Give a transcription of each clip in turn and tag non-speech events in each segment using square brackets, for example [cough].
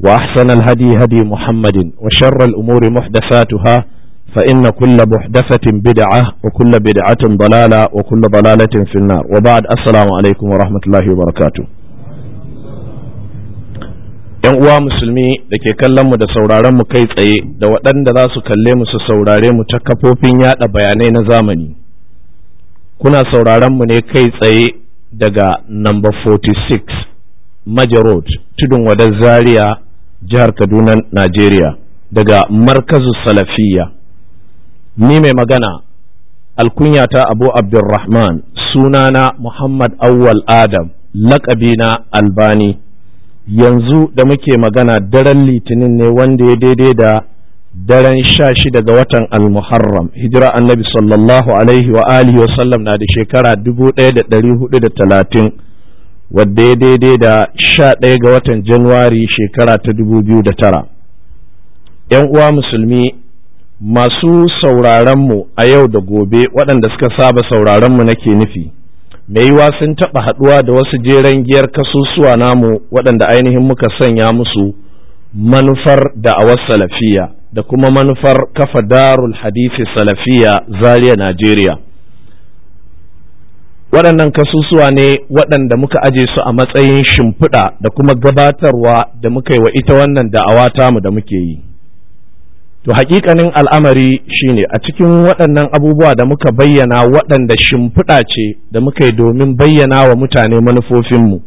وأحسن الهدي هدي محمد وشر الأمور محدثاتها فإن كل محدثة بدعة وكل بدعة ضلالة وكل ضلالة في النار وبعد السلام عليكم ورحمة الله وبركاته ‘Yan uwa musulmi da ke kallon mu da sauraron mu kai tsaye da waɗanda za su kalle mu su saurare mu ta kafofin yaɗa bayanai na zamani, kuna sauraron mu ne kai tsaye daga number 46 majarod tudun wadar zaria jihar kaduna najeriya daga markazu salafiya ni mai magana alkunyata abu abdurrahman sunana muhammad awwal adam laƙabina albani yanzu da muke magana daren litinin ne wanda ya daidai da daren sha shida ga watan almuharram hijira annabi sallallahu alaihi wa alihi wa sallam na da shekara dubu ɗaya da ɗari hudu da talatin wadda ya daidai da sha ɗaya ga watan januwari shekara ta dubu biyu da tara ‘yan uwa musulmi masu sauraronmu a yau da gobe waɗanda suka saba sauraronmu nake nufi mai yiwa sun taɓa haɗuwa da wasu jeren giyar kasusuwa namu waɗanda ainihin muka sanya musu manufar da salafiya da kuma manufar kafa darul hadisi salafiya zaria najeriya waɗannan kasusuwa ne waɗanda muka aje su a matsayin shimfiɗa da kuma gabatarwa da muka yi wa ita wannan da'awa mu da muke yi to haƙiƙanin al'amari shine a cikin waɗannan abubuwa da muka bayyana waɗanda shimfiɗa ce da muka yi domin bayyana wa mutane manufofinmu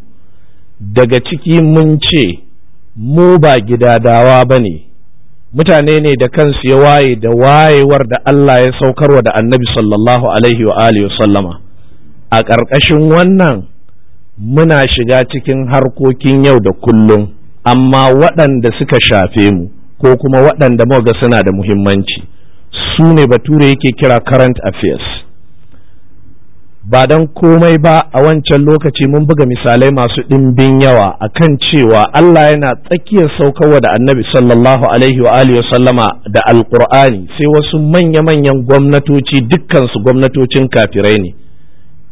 daga ciki mun ce mu ba gidadawa ba ne mutane ne da kansu ya waye da wayewar da Allah ya saukarwa da annabi sallallahu alaihi wa alihi wa sallama a ƙarƙashin wannan muna shiga cikin harkokin yau da kullum amma waɗanda suka shafe mu ko kuma waɗanda ga suna da muhimmanci su ne bature yake kira current affairs ba don komai ba a wancan lokaci mun buga misalai masu ɗimbin yawa a kan cewa Allah yana tsakiyar saukarwa da annabi sallallahu alaihi wa alihi sallama da alkur'ani sai wasu manya-manyan gwamnatoci dukkansu gwamnatocin kafirai ne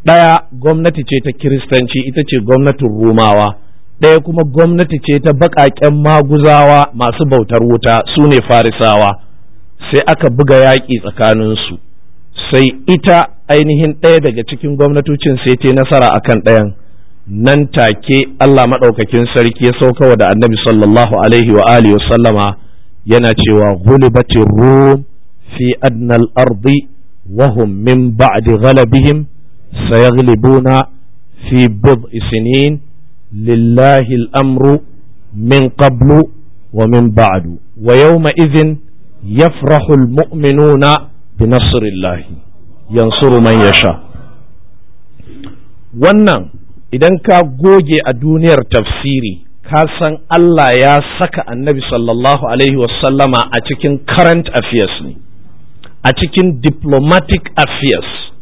ɗaya gwamnati ce ta kiristanci ita ce gwamnatin rumawa ɗaya kuma gwamnati ce ta baƙaƙen maguzawa masu bautar wuta su ne farisawa sai aka buga yaƙi tsakaninsu sai ita ainihin ɗaya daga cikin gwamnatocin sai ta nasara a kan ɗayan nan take Allah maɗaukakin sarki ya saukawa da annabi sallallahu alaihi wa alihi wa sallama yana cewa ghulibatir rum fi adnal ardi wa hum min ba'di ghalabihim sayaglibuna fi bid isinin lillahil amru min qablu wa min ba'du wa yawma idhin yafrahu almu'minuna bi nasrillahi yansuru man yasha wannan idan ka goge a duniyar tafsiri ka san Allah ya saka annabi sallallahu alaihi wasallama a cikin current affairs ne a cikin diplomatic affairs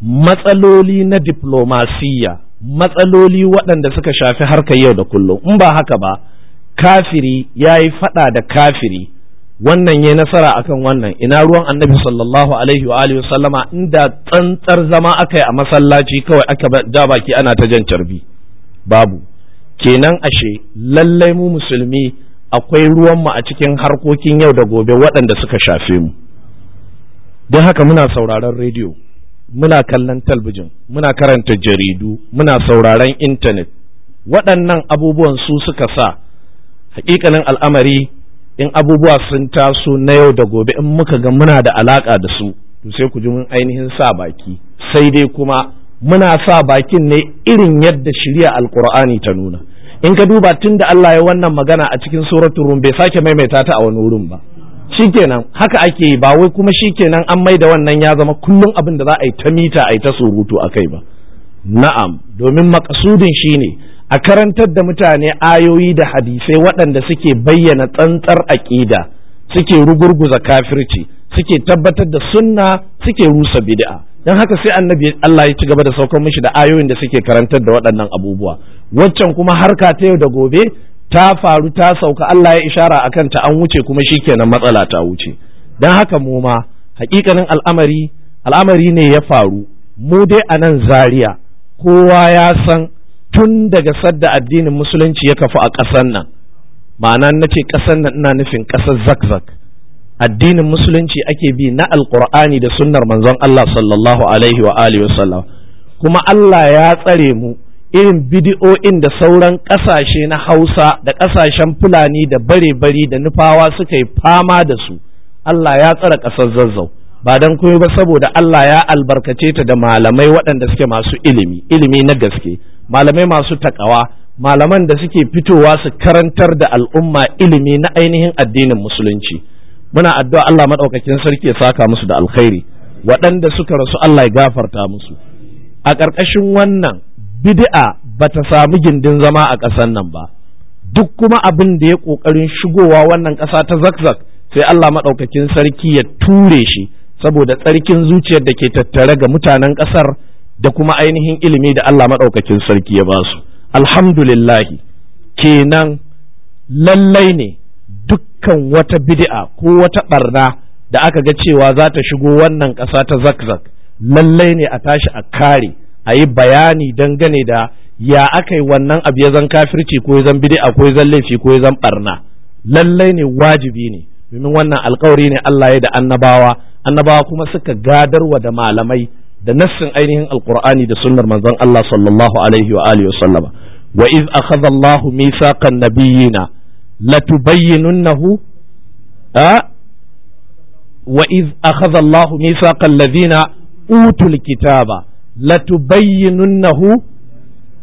matsaloli na diplomasiya matsaloli waɗanda suka shafi harkar yau da kullum in ba haka ba kafiri ya yi faɗa da kafiri wannan ya nasara akan wannan ina ruwan annabi sallallahu alaihi wa alihi sallama inda tsantsar zama aka yi a masallaci kawai aka da baki ana ta jan carbi babu kenan ashe lallai mu musulmi akwai mu a cikin harkokin yau da gobe waɗanda suka shafe mu don haka muna sauraron rediyo muna kallon talbijin muna karanta jaridu muna sauraron intanet waɗannan abubuwan su suka sa hakikanin al'amari in abubuwa sun taso na yau da gobe in muka ga muna da alaƙa da su sai ku ji mun ainihin sa baki sai dai kuma muna sa bakin ne irin yadda shirya alkur'ani ta nuna in ka duba tun da Allah ya wannan magana a cikin suratul rum bai sake maimaita ta a wani wurin ba shikenan haka ake yi ba wai kuma shikenan an maida wannan ya zama kullum abin da za a yi ta mita a yi ta surutu a kai ba na'am domin makasudin shine a karantar da mutane ayoyi da hadisai waɗanda suke bayyana tsantsar aƙida suke rugurguza kafirci suke tabbatar da sunna suke rusa bid'a don haka sai annabi Allah ya ci gaba da saukar mishi da ayoyin da suke karantar da waɗannan abubuwa waccan kuma harka ta yau da gobe ta faru ta sauka Allah ya ishara a kanta an wuce kuma shikenan matsala ta wuce Don haka mu ma hakikanin al'amari al'amari ne ya faru mu dai a nan zaria kowa ya san tun daga sadda addinin musulunci ya kafu a ƙasar nan ma'ana na ce ƙasar nan ina nufin ƙasar zakzak addinin musulunci ake bi na alƙur'ani da sunnar manzon Allah sallallahu alaihi wa alihi kuma Allah ya tsare mu irin bidi'o'in da sauran ƙasashe na hausa da ƙasashen fulani da bare-bari da nufawa suka yi fama da su Allah ya tsara ƙasar zazzau ba don kuma ba saboda Allah ya albarkace ta da malamai waɗanda suke masu ilimi ilimi na gaske malamai masu takawa malaman da suke fitowa su karantar da al'umma ilimi na ainihin addinin musulunci muna addu'a Allah maɗaukakin sarki ya saka musu da alkhairi waɗanda suka rasu Allah ya gafarta musu a ƙarƙashin wannan bid'a bata samu gindin zama a ƙasar nan ba duk kuma abin da ya ƙoƙarin shigowa wannan ƙasa ta zakzak sai Allah maɗaukakin sarki ya ture shi saboda tsarkin zuciyar da ke tattare ga mutanen ƙasar da kuma ainihin ilimi da Allah maɗaukakin sarki ya basu alhamdulillahi kenan lallai ne dukkan wata bid'a ko wata ɓarna da aka ga cewa za ta shigo wannan ƙasa ta zakzak lallai ne a tashi a kare a yi bayani dangane da ya aka yi wannan abu ya zan kafirci ko ya zan a ko ya zan laifi ko ya zan barna lallai ne wajibi ne domin wannan alkawari ne Allah ya da annabawa annabawa kuma suka gadarwa da malamai da nassin ainihin alkur'ani da sunnar manzon Allah sallallahu alaihi wa alihi wasallama wa iz akhadha Allahu mithaqan nabiyina latubayyinunnahu a wa iz akhadha Allahu mithaqan ladina utul kitaba latubayyinunnahu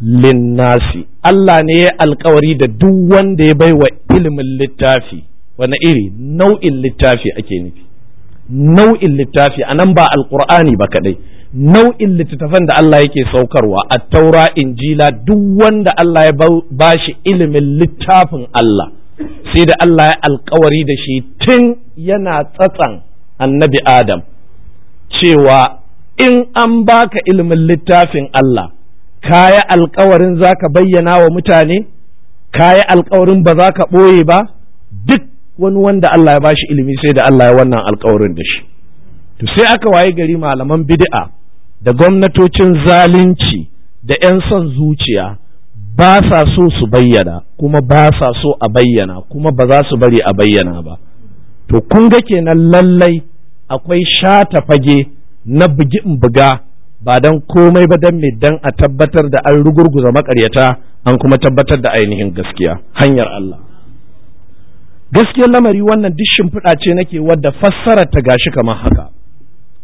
linnasi Allah ne ya alkawari da duk wanda ya bai wa ilimin littafi wani iri nau'in littafi ake nufi nau'in littafi a nan ba alkur'ani ba kadai nau'in littattafan da Allah yake saukarwa a taura injila duk wanda Allah ya ba shi ilimin littafin Allah sai da Allah ya alkawari da shi tun yana tsatsan annabi Adam cewa in an baka ilimin littafin Allah kaya alkawarin za ka bayyana wa mutane kaya alkawarin ba za ka ɓoye ba duk wani wanda Allah ya bashi ilimi sai da Allah ya wannan alkawarin da shi to sai aka waye gari malaman bid'a da gwamnatocin zalunci da 'yan son zuciya ba sa so su bayyana kuma ba sa so a bayyana kuma ba za su bari a bayyana ba to kun ga kenan lallai akwai shata fage na bugi in buga ba don komai ba don mai don a tabbatar da an rugurguza makaryata an kuma tabbatar da ainihin gaskiya hanyar Allah gaskiyar lamari wannan duk shimfiɗa ce nake wadda fassarar ta gashi kamar haka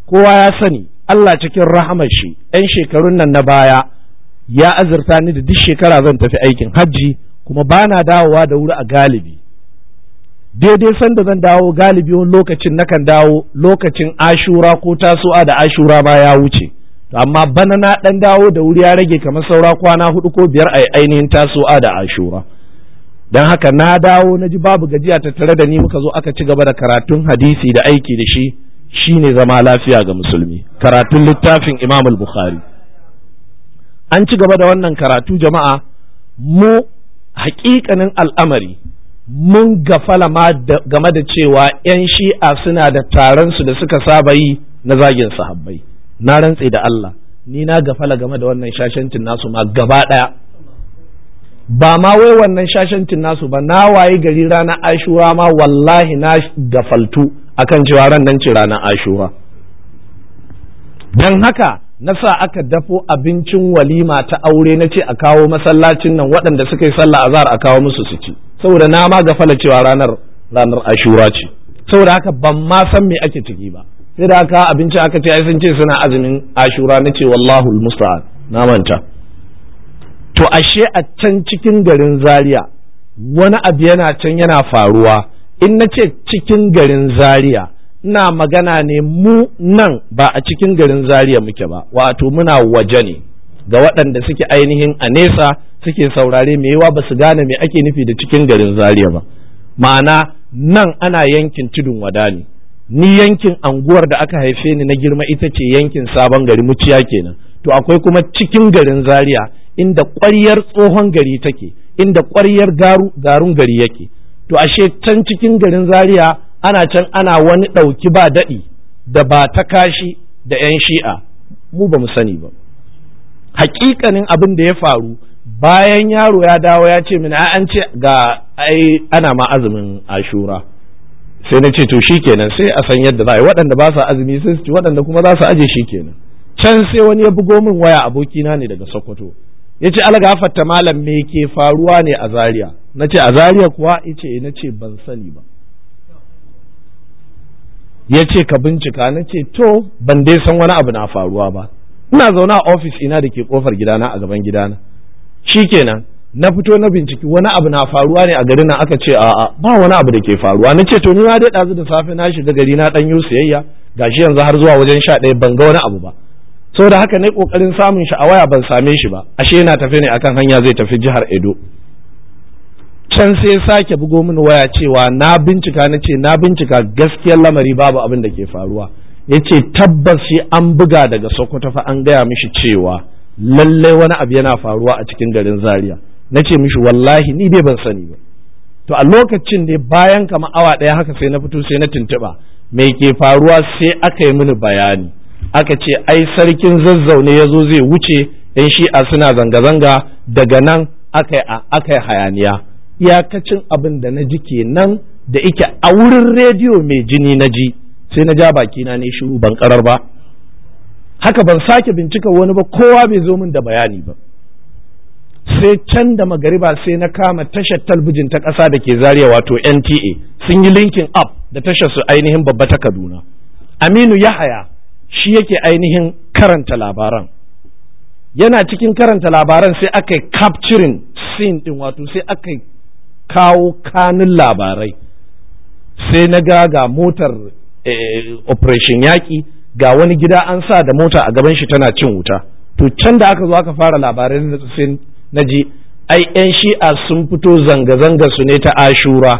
kowa ya sani Allah cikin rahamar shi ɗan shekarun nan na baya ya azurta ni da duk shekara zan tafi aikin hajji kuma bana dawowa da wuri a galibi daidai sanda zan dawo galibi wani lokacin nakan dawo lokacin ashura ko tasowa da ashura ma ya wuce To amma bana na dan dawo da wuri ya rage kamar saura kwana hudu ko biyar a ainihin tasu'a da ashura dan haka na dawo na ji babu gajiya ta tare da ni muka zo aka ci gaba da karatun hadisi da aiki da shi shine zama lafiya ga musulmi karatun littafin imam bukhari an ci gaba da wannan karatu jama'a mu haƙiƙanin al'amari mun gafala ma game da cewa 'yan shi'a suna da taronsu da suka saba yi na zagin sahabbai na rantse da Allah ni na gafala game da wannan shashantin nasu ma gaba ɗaya ba ma wai wannan shashantin nasu ba na wayi gari ranar ashura ma wallahi na gafaltu akan cewa ran nan ce ranar ashura don haka na sa aka dafo abincin walima ta aure na ce a kawo masallacin nan waɗanda suka yi sallah azhar a kawo musu su ci saboda na ma gafala cewa ranar ranar ashura ce saboda haka ban ma san me ake ciki ba sai da haka abinci aka ce ai sun ce suna azumin ashura na ce wallahu musta'an na manta to ashe a can cikin garin zaria wani abu yana can yana faruwa in na ce cikin garin zaria ina magana ne mu nan ba a cikin garin zaria muke ba wato muna waje ne ga waɗanda suke ainihin a nesa suke saurare mai yawa ba su gane me ake nufi da cikin garin zaria ba ma'ana nan ana yankin tudun wada ne ni yankin anguwar da aka haife ni na girma ita ce yankin sabon gari muciya kenan to akwai kuma cikin garin zaria inda ƙwaryar tsohon gari take inda ƙwaryar garun gari yake to ashe can cikin garin zaria ana can ana wani ɗauki ba daɗi da ba ta kashi da 'yan shi'a mu ba mu sani ba hakikanin abin da ya faru bayan yaro ya dawo ya ce mini an ce ga ai ana ma azumin ashura sai na ce to shikenan sai a san yadda za a yi waɗanda ba su azumi sai su ci waɗanda kuma za su aje kenan. can sai wani ya bugo min waya abokina ne daga sokoto ya ce algafatta malam me ke faruwa ne a zaria na ce a zaria kuwa ya ce eh, na ce ban sani ba ya ce ka bincika na ce to ban dai san wani abu na faruwa ba ina zaune a ofis ina da ke kofar gidana a gaban gidana Shi kenan, na fito na binciki wani abu na faruwa ne a gari nan aka ce a'a ba wani abu da ke faruwa na ce to ni na dai ɗazu da safe na shiga gari na ɗan siyayya shi yanzu har zuwa wajen sha ɗaya ban ga wani abu ba da haka na ne kokarin samun shi a waya ban same shi ba ashe yana tafe ne akan hanya zai tafi jihar Edo can sai ya sake bugo mini waya cewa na bincika na ce na bincika gaskiyar lamari babu abin da ke faruwa yace tabbas shi an buga daga Sokoto fa an gaya mishi cewa lalle wani abu yana faruwa a cikin garin zaria na ce mishi wallahi ni bai ban sani ba to a lokacin ne bayan kama awa ɗaya haka sai na fito sai na tuntuɓa mai ke faruwa sai aka yi mini bayani aka ce ai sarkin zazzaune ya zo zai wuce yan shi'a suna zanga-zanga daga nan aka yi hayaniya iyakacin abin da na ji kenan da ike a wurin rediyo mai jini na ji sai na ja bakina ne shiru ban karar ba haka ban sake bincika wani ba kowa bai zo min da bayani ba sai can da magariba sai na kama tashar talbijin ta ƙasa da ke zariya wato nta sun yi linkin up da tashar su ainihin babba ta kaduna aminu yahaya shi yake ainihin karanta labaran yana cikin karanta labaran sai aka yi capturing scene din wato sai aka yi kawo kanun labarai sai na ga ga motar eh, operation yaki. ga wani gida an sa da mota a gaban shi tana cin wuta to can da aka zo aka fara labarai na sun na ai yan shi'a sun fito zanga-zanga su ne ta ashura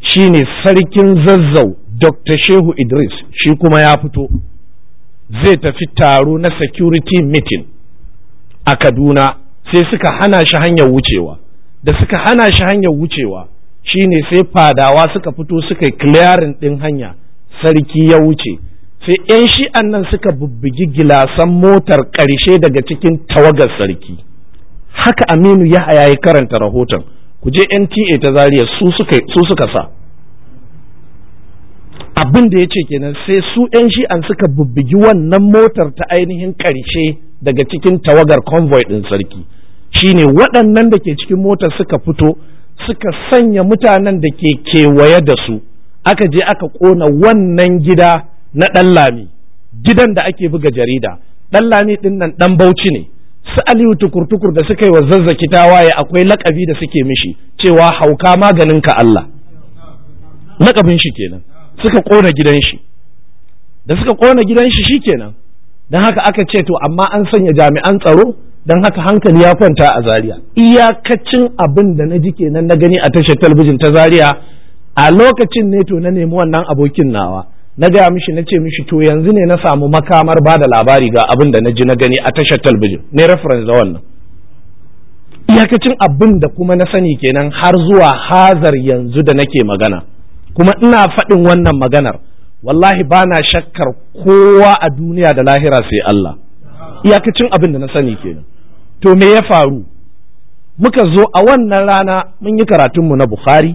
shine sarkin zazzau dr shehu idris shi kuma ya fito zai tafi taro na security meeting a kaduna sai suka hana shi hanyar wucewa da suka hana shi hanyar wucewa shine sai fadawa suka fito suka yi clearing din hanya sarki ya wuce sai 'yan shi'an nan suka bubbugi gilasan motar ƙarshe daga cikin tawagar sarki haka aminu ya haya ya karanta rahoton ku je nta ta zariya su suka sa abin da ya ce kenan sai su 'yan shi'an suka bubbugi wannan motar ta ainihin ƙarshe daga cikin tawagar convoy ɗin sarki shine waɗannan da ke cikin motar suka fito suka sanya mutanen da ke kewaye da su aka je aka ƙona wannan gida na ɗanlami gidan da ake buga jarida ɗanlami ɗin nan ɗan bauchi ne su aliyu tukur da suka yi wa zazzaki tawaye akwai lakabi da suke mishi cewa hauka maganin ka Allah lakabin shi kenan suka ƙona gidan shi da suka ƙona gidan shi shi kenan. don haka aka ce to amma an sanya jami'an tsaro don haka hankali ya kwanta a zaria iyakacin abin da na ji kenan na gani a tashar talabijin ta zaria a lokacin ne to na nemi wannan abokin nawa na gaya mishi na ce mishi to yanzu ne na samu makamar ba da labari ga abin da na ji na gani a tashar talbijin ne reference da wannan iyakacin abin da kuma na sani kenan har zuwa hazar yanzu da nake magana kuma ina faɗin wannan maganar wallahi ba na shakkar kowa a duniya da lahira sai Allah iyakacin abin da na sani kenan to me ya faru muka zo a wannan rana mun yi karatunmu na Bukhari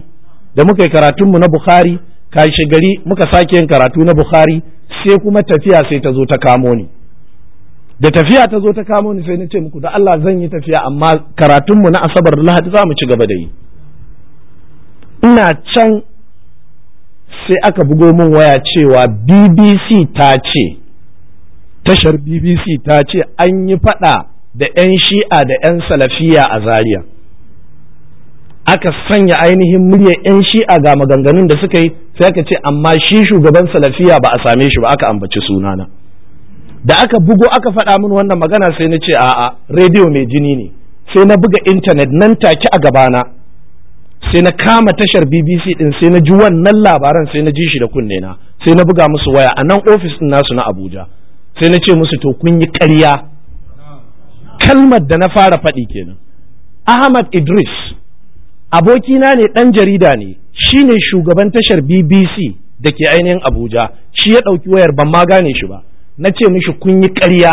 da muka yi karatunmu na Bukhari Kashi gari muka sake yin karatu na bukhari sai kuma tafiya sai ta zo ta kamo ni da tafiya ta zo ta kamo ni sai na ce muku da Allah zan yi tafiya amma karatunmu na asabar lahadi za mu ci gaba da yi ina can sai aka bugo min waya cewa BBC ta ce tashar BBC ta ce an yi fada da 'yan shi'a da 'yan salafiya a Zaria. aka sanya ainihin muryar 'yan shi'a ga maganganun da suka yi sai aka ce amma shi shugaban salafiya ba a same shi ba aka ambaci sunana da aka bugo aka faɗa min wannan magana sai na ce a'a rediyo mai jini ne sai na buga intanet nan take a gabana sai na kama tashar bbc din sai na ji wannan labaran sai na ji shi da kunne na sai na buga musu waya a nan ofis din nasu na abuja sai na ce musu to kun yi ƙarya kalmar da na fara faɗi kenan ahmad idris abokina ne ɗan jarida ne shi ne shugaban tashar bbc da ke ainihin abuja shi ya ɗauki wayar ban ma gane shi ba na ce mishi kun yi ƙarya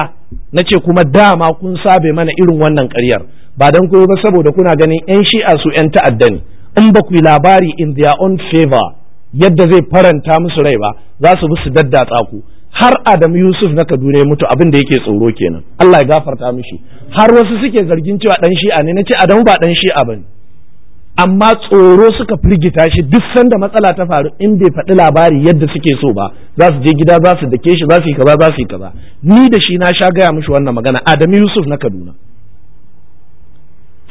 na ce kuma dama kun sabe mana irin wannan ƙaryar ba don koyo ba saboda kuna ganin 'yan shi'a su 'yan ta'adda ne in ba ku yi labari in their own favor yadda zai faranta musu rai ba za su bi su daddatsa ku har Adam Yusuf na Kaduna ya mutu abin da yake tsoro kenan Allah ya gafarta mishi har wasu suke zargin cewa ɗan shi'a ne na ce Adamu ba dan shi'a ba ne. amma tsoro suka firgita shi duk sanda matsala ta faru in bai faɗi labari yadda suke so ba za su je gida za su dake shi za su yi kaza za su yi kaza ni da shi na sha gaya mishi wannan magana Adamu Yusuf na Kaduna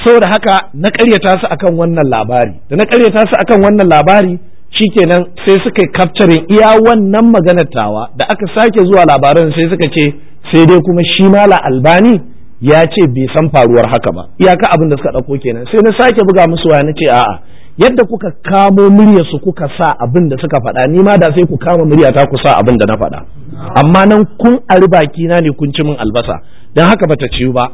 saboda haka na ƙaryata su akan wannan labari da na ƙaryata su akan wannan labari shi kenan sai suka yi kaftarin iya wannan maganar tawa da aka sake zuwa labaran sai suka ce sai dai kuma shi mala albani ya ce bai san faruwar haka ba iyaka abin da suka ɗauko kenan sai na sake buga musu waya na ce a'a yadda kuka kamo muryarsu kuka sa abin da suka faɗa ni ma da sai ku kama muryata ku sa abin da na faɗa amma nan kun ari baki na ne kun ci min albasa Dan haka bata ciyu ba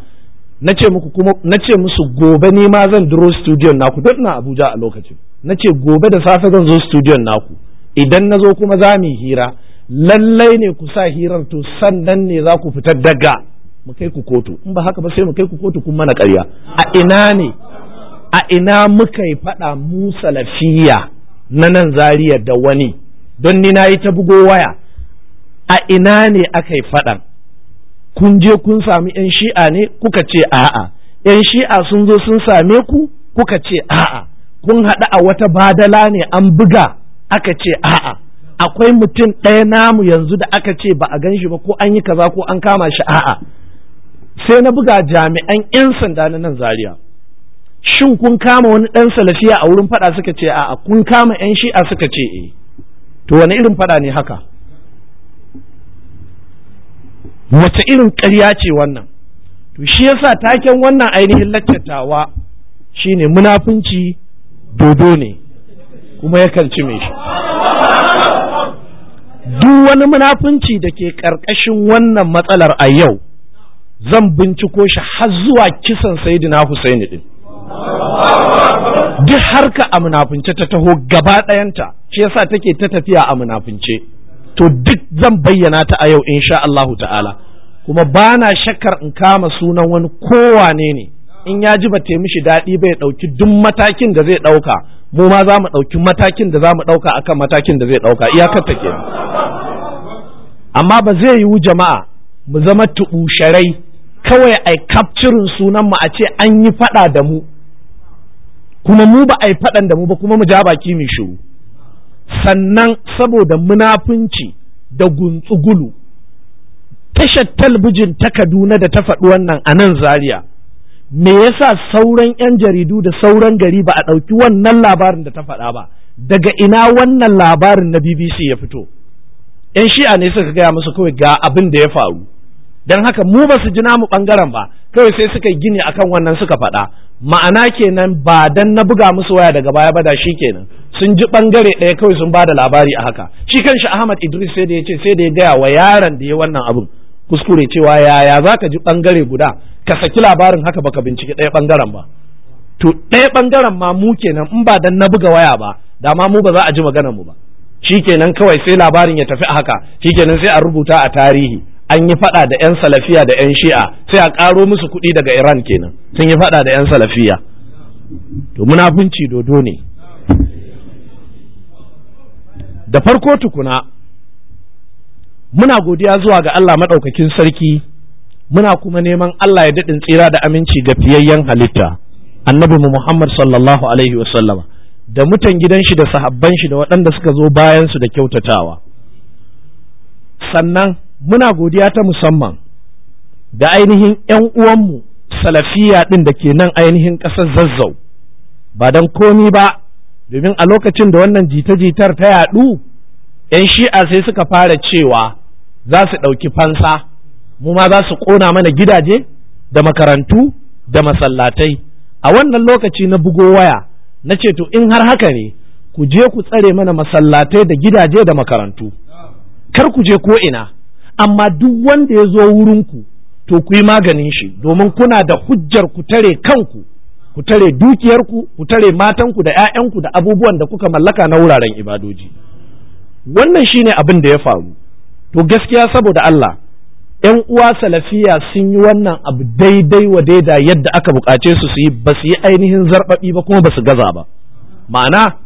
na ce muku kuma na ce musu gobe ni ma zan duro studio naku duk na Abuja a lokacin na ce gobe da safe zan zo studio naku idan na zo kuma za mu hira lallai ne ku sa hirar to sannan ne za ku fitar daga mu kai ku kotu in ba haka ba sai mu kai ku kotu kun mana ƙarya a ina ne a ina muka yi faɗa mu salafiya na nan zariya da wani don ni na yi ta bugo waya a ina ne aka yi faɗan kun je kun sami 'yan shi'a ne kuka ce a'a 'yan shi'a sun zo sun same ku kuka ce a'a kun haɗu a wata badala ne an buga aka ce a'a akwai mutum ɗaya namu yanzu da aka ce ba a gan shi ba ko an yi kaza ko an kama shi a'a sai na buga jami'an 'yan sanda na nan zaria shin kun kama wani ɗan salafiya a wurin faɗa suka ce a'a kun kama 'yan shi'a suka ce eh to wani irin faɗa ne haka wace irin ƙarya ce wannan to shi yasa taken wannan ainihin laccatawa shine munafunci dodo ne kuma yakan ci mai shi duk wani munafunci da ke ƙarƙashin wannan matsalar a yau zan binciko shi har zuwa kisan sayidina Husaini din duk harka a munafunce ta taho gaba ɗayanta shi yasa take ta tafiya a munafunce to duk zan bayyana ta a yau insha Allahu ta'ala kuma bana shakkar in kama sunan wani kowane ne in ya ji ba ta mishi daɗi bai ɗauki duk matakin da zai ɗauka mu ma za mu ɗauki matakin da za mu ɗauka akan matakin da zai ɗauka iyakar ta kenan amma ba zai yiwu jama'a mu zama tuɓusharai kawai ai kafcirin sunan mu a ce an yi fada da mu kuma mu ba a yi fadan da mu ba kuma mu ja baki mai shiru sannan saboda munafunci da guntsugulu tashar talbijin ta Kaduna da ta faɗi wannan a nan Zaria me yasa sauran 'yan jaridu da sauran gari ba a ɗauki wannan labarin da ta faɗa ba daga ina wannan labarin na BBC ya fito 'yan shi'a ne suka gaya musu kawai ga abin da ya faru don haka mu ba su ji namu bangaren ba kawai sai suka gini akan wannan suka faɗa ma'ana kenan ba dan na buga musu waya daga baya ba da shi kenan sun ji bangare ɗaya kawai sun bada labari a haka shi kanshi Ahmad Idris sai da ya ce sai da ya gaya wa yaron da ya wannan abin kuskure cewa yaya za ka ji bangare guda ka saki labarin haka baka binciki ɗaya bangaren ba to ɗaya bangaren ma mu kenan in ba dan na buga waya ba dama mu ba za a ji maganar mu ba shikenan kawai sai labarin ya tafi a haka shikenan sai a rubuta a tarihi an yi fada da 'yan salafiya da 'yan shi'a sai a karo musu kuɗi daga iran kenan sun yi fada da 'yan salafiya to munafunci dodo ne da farko tukuna muna godiya zuwa ga Allah maɗaukakin sarki muna kuma neman Allah ya daɗin tsira da aminci ga fiyayyen halitta annabi Muhammad sallallahu alaihi wasallama da mutan gidan shi da sahabban shi da waɗanda suka zo bayan su da kyautatawa sannan muna godiya ta musamman da ainihin 'yan uwanmu salafiya ɗin da ke nan ainihin ƙasar zazzau ba don komi ba domin a lokacin da wannan jita-jitar ta yaɗu 'yan shi'a sai suka fara cewa za su ɗauki fansa mu ma za su ƙona mana gidaje da makarantu da masallatai a wannan lokaci na bugo waya na ce to in har haka ne ku je ku tsare mana masallatai da gidaje da makarantu kar ku je ko ina amma duk wanda ya zo wurinku to ku yi maganin shi domin kuna da hujjar ku tare kanku ku tare dukiyarku ku tare matanku da 'ya'yanku da abubuwan da kuka mallaka na wuraren ibadoji wannan shine abin da ya faru to gaskiya saboda Allah ‘yan uwa salafiya sun yi wannan abu daidai wa daida yadda aka buƙace su su yi ba su yi ainihin zarɓaɓi ba kuma ba su gaza ba ma'ana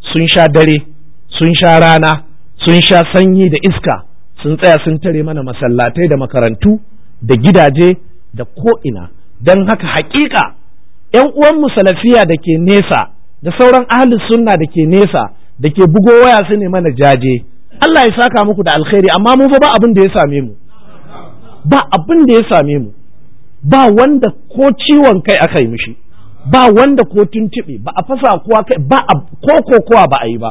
sun sha dare sun sha rana sun sha sanyi da iska sun tsaya sun tare mana masallatai da makarantu da gidaje da ko'ina don haka hakika 'yan uwan musalafiya da ke nesa da sauran ahalin sunna da ke nesa da ke bugo waya su ne mana jaje Allah ya saka muku da alkhairi amma mu fa ba abin da ya same mu ba abin da ya same mu ba wanda ko ciwon kai aka yi mishi ba wanda ko tuntuɓe ba a fasa kuwa kai ba ko kokowa ba a yi ba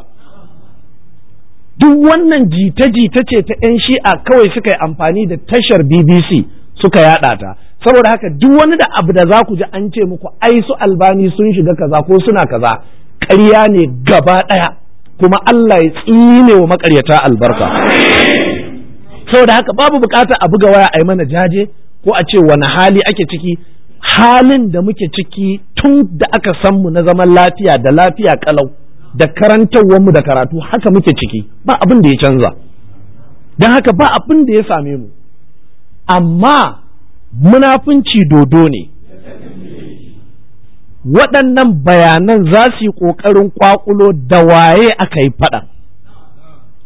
duk wannan jita-jita ce ta 'yan shi'a kawai suka yi amfani da tashar bbc suka yaɗa ta saboda haka duk wani da abu da za ku ji an ce muku ai su albani sun shiga kaza ko suna kaza karya ne gaba ɗaya kuma Allah ya tsine wa makaryata albarka saboda haka babu buƙatar a buga waya a yi mana jaje ko a ce wani hali ake ciki halin da muke ciki tun da aka san mu na zaman lafiya da lafiya kalau da karantarwar mu da karatu haka muke ciki ba abin da ya canza don haka ba abin da ya same mu amma munafunci dodo ne waɗannan bayanan za su yi ƙoƙarin ƙwaƙulo da waye aka yi faɗa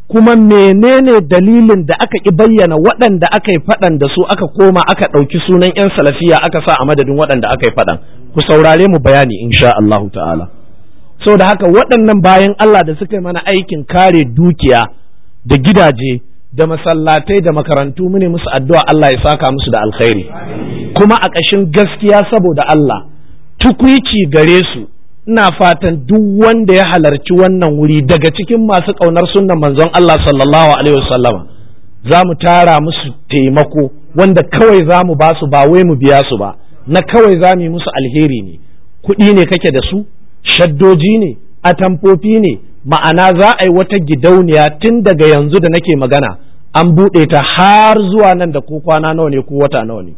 kuma menene dalilin da aka ƙi bayyana waɗanda aka yi faɗan da su aka koma aka ɗauki sunan 'yan salafiya aka sa a madadin waɗanda aka yi faɗan ku saurare mu bayani insha Allahu ta'ala da haka waɗannan bayan Allah da suka yi mana aikin kare dukiya da gidaje da masallatai da makarantu mune musu addu'a Allah ya saka musu da alkhairi kuma a ƙashin gaskiya saboda Allah tukwici gare su ina fatan duk wanda ya halarci wannan wuri daga cikin masu ƙaunar sunnan manzon Allah sallallahu alaihi Wasallama za mu tara musu taimako wanda kawai za mu ba su ba wai mu biya su ba na kawai za mu yi musu alheri ne kuɗi ne kake da su shaddoji ne atamfofi ne ma'ana za a yi wata gidauniya tun daga yanzu da nake magana an buɗe ta har zuwa nan da ko kwana nawa ne ko wata nawa ne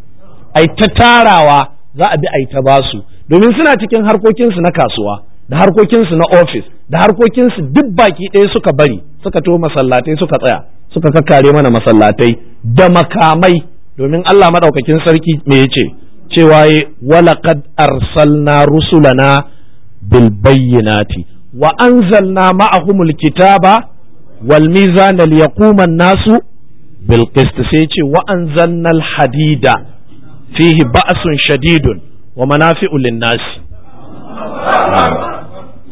ai ta tarawa za a bi ai ta basu domin suna cikin harkokinsu na kasuwa da harkokinsu na ofis da harkokinsu duk baki ɗaya suka bari suka to masallatai suka tsaya suka kakkare mana masallatai da makamai domin Allah maɗaukakin sarki me ya ce cewa walaqad arsalna rusulana bil bayyinati wa anzalna ma'ahumul kitaba wal mizana liyaquma nasu bil qist sai ce wa anzalna al hadida fihi ba'sun shadidun wa manafi'u lin nasi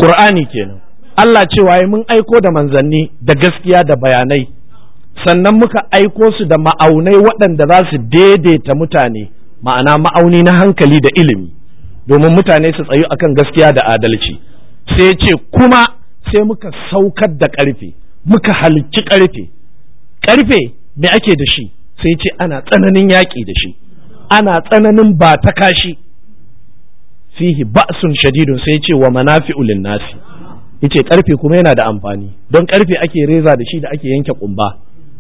qur'ani kenan Allah cewa mun aiko da manzanni da gaskiya da bayanai sannan muka aiko su da ma'aunai waɗanda za su daidaita mutane ma'ana ma'auni na hankali da ilimi domin mutane su tsayu akan gaskiya da adalci sai ce kuma sai muka saukar da ƙarfe muka halicci ƙarfe ƙarfe me ake da shi sai ce ana tsananin yaƙi da shi ana tsananin ba ta kashi fihi ba'sun shadidun sai ce wa manafi'u linnasi yace ƙarfe kuma yana da amfani don ƙarfe ake reza da shi da ake yanke kumba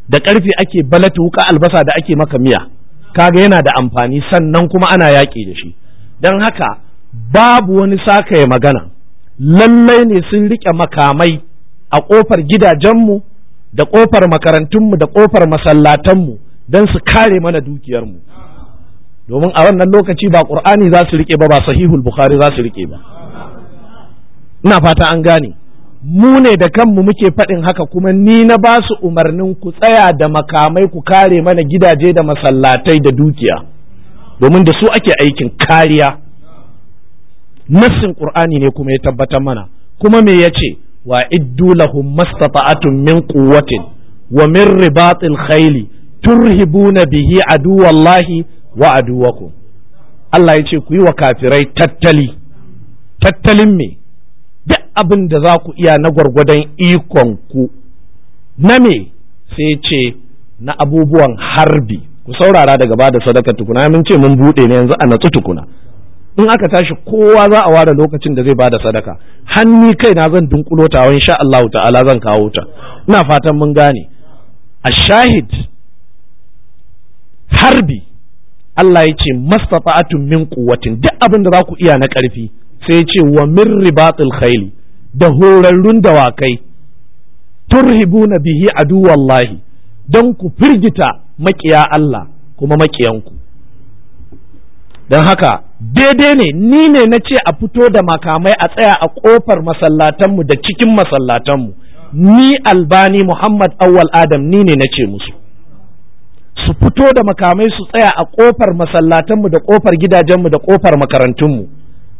da ƙarfe ake balata wuka albasa da ake maka miya kaga yana da amfani sannan kuma ana yaƙi da shi don haka babu wani sakaye magana lallai ne sun riƙe makamai a ƙofar gidajenmu da ƙofar makarantunmu da ƙofar masallatanmu don su kare mana dukiyarmu domin a wannan lokaci ba ƙur'ani za su riƙe ba ba sahihul bukhari za su riƙe ba ina fata an gane mu ne da kanmu muke faɗin haka kuma ni na ba su umarnin ku tsaya da makamai ku kare mana gidaje da masallatai da dukiya domin da su ake aikin kariya nassin qur'ani ne kuma ya tabbatar mana kuma me yace wa iddu lahum mastata'atun min quwwatin wa min ribatil khayli turhibuna bihi aduwallahi wa aduwakum Allah ya ce ku yi wa kafirai tattali tattalin me duk abin da za ku iya na gwargwadon ikon ku na me sai ce na abubuwan harbi ku saurara daga ba da sadaka tukuna mun ce mun bude ne yanzu a natsu tukuna in aka tashi kowa za a ware lokacin da zai ba da sadaka hannu kai na zan dunkulo ta wa insha Allah ta'ala zan kawo ta ina fatan mun gane a shahid harbi Allah ya ce mastata'atun min quwwatin duk abin da za ku iya na karfi sai ya ce wa min ribatil khayl da horarrun dawakai turhibuna bihi wallahi don ku firgita Makiya Allah kuma makiyanku don haka daidai ne ni ne na ce a fito da makamai a tsaya a ƙofar masallatanmu da cikin masallatanmu ni albani muhammad awwal adam ni ne na ce musu su fito da makamai su tsaya a ƙofar masallatanmu da ƙofar gidajenmu da ƙofar makarantunmu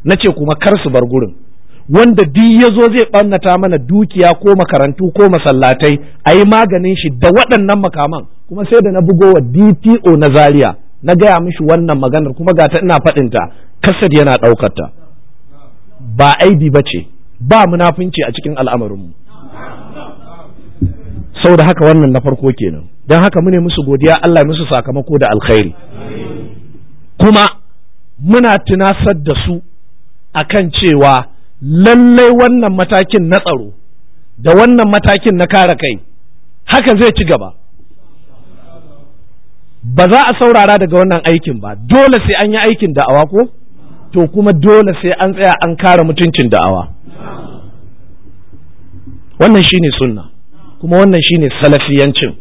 na ce kuma kar su bar gurin wanda duk ya zo zai ɓannata mana dukiya ko makarantu ko masallatai a yi maganin shi da waɗannan makaman kuma sai da na bugo wa DPO na Zaria na gaya mishi wannan maganar kuma ga ta ina faɗin ta kasad yana ɗaukar ta ba aibi ba ce ba munafunci a cikin al'amarinmu sau da haka wannan na farko kenan don haka mune musu godiya Allah musu sakamako da alkhairi kuma muna tunasar da su akan cewa lallai wannan matakin na tsaro da wannan matakin na kare kai haka zai ci gaba ba za a saurara daga wannan aikin ba dole sai an yi aikin da'awa ko to kuma dole sai an tsaya an kare mutuncin da'awa wannan shine sunna kuma wannan shine salafiyancin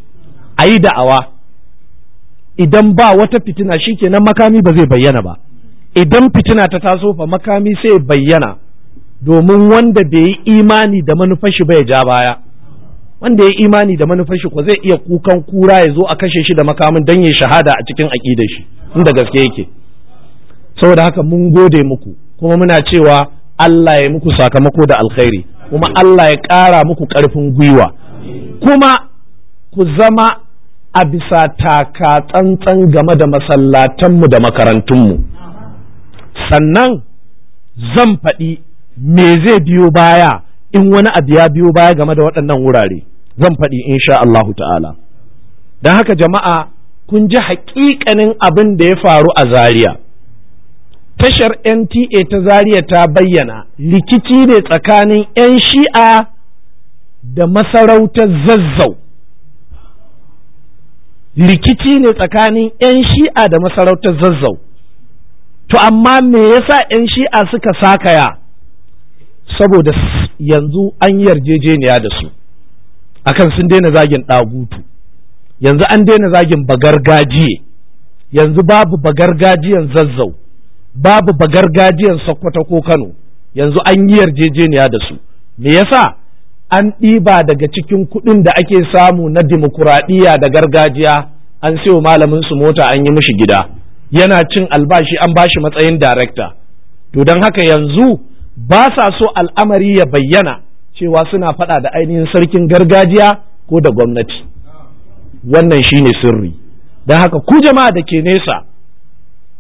a yi da'awa idan ba wata fitina shi shikenan makami ba zai bayyana ba idan fitina ta taso fa makami sai bayyana domin wanda bai yi imani da manufashi shi bai ja baya wanda ya imani da manufar shi ko zai iya kukan kura ya zo a kashe shi da makamin don ya shahada a cikin aƙida shi inda gaske yake saboda haka mun gode muku kuma muna cewa Allah ya muku sakamako da alkhairi kuma Allah ya ƙara muku ƙarfin gwiwa kuma ku zama a bisa taka tsantsan game da masallatanmu da makarantunmu sannan zan faɗi me zai biyo baya in wani abu ya biyo baya game da waɗannan wurare zan faɗi insha Allahu ta'ala don haka jama'a kun ji haƙiƙanin abin da ya faru a Zariya. tashar NTA ta Zariya ta bayyana rikici ne tsakanin 'yan shi'a da masarautar zazzau rikici ne tsakanin 'yan shi'a da masarautar zazzau to amma me yasa 'yan shi'a suka sakaya saboda yanzu an yarjejeniya da su akan sun daina zagin ɗagutu yanzu an daina zagin bagargajiye yanzu babu bagargajiyan zazzau babu bagargajiyan sokoto ko kano yanzu an yi yarjejeniya da su me yasa an ɗiba daga cikin kuɗin da ake samu na dimokuraɗiyya da gargajiya an sayo malamin su mota an yi mishi gida yana cin albashi an bashi matsayin darekta to don haka yanzu ba sa so al'amari ya bayyana cewa suna faɗa da ainihin sarkin gargajiya ko da gwamnati wannan shi ne sirri don haka ku jama'a da ke nesa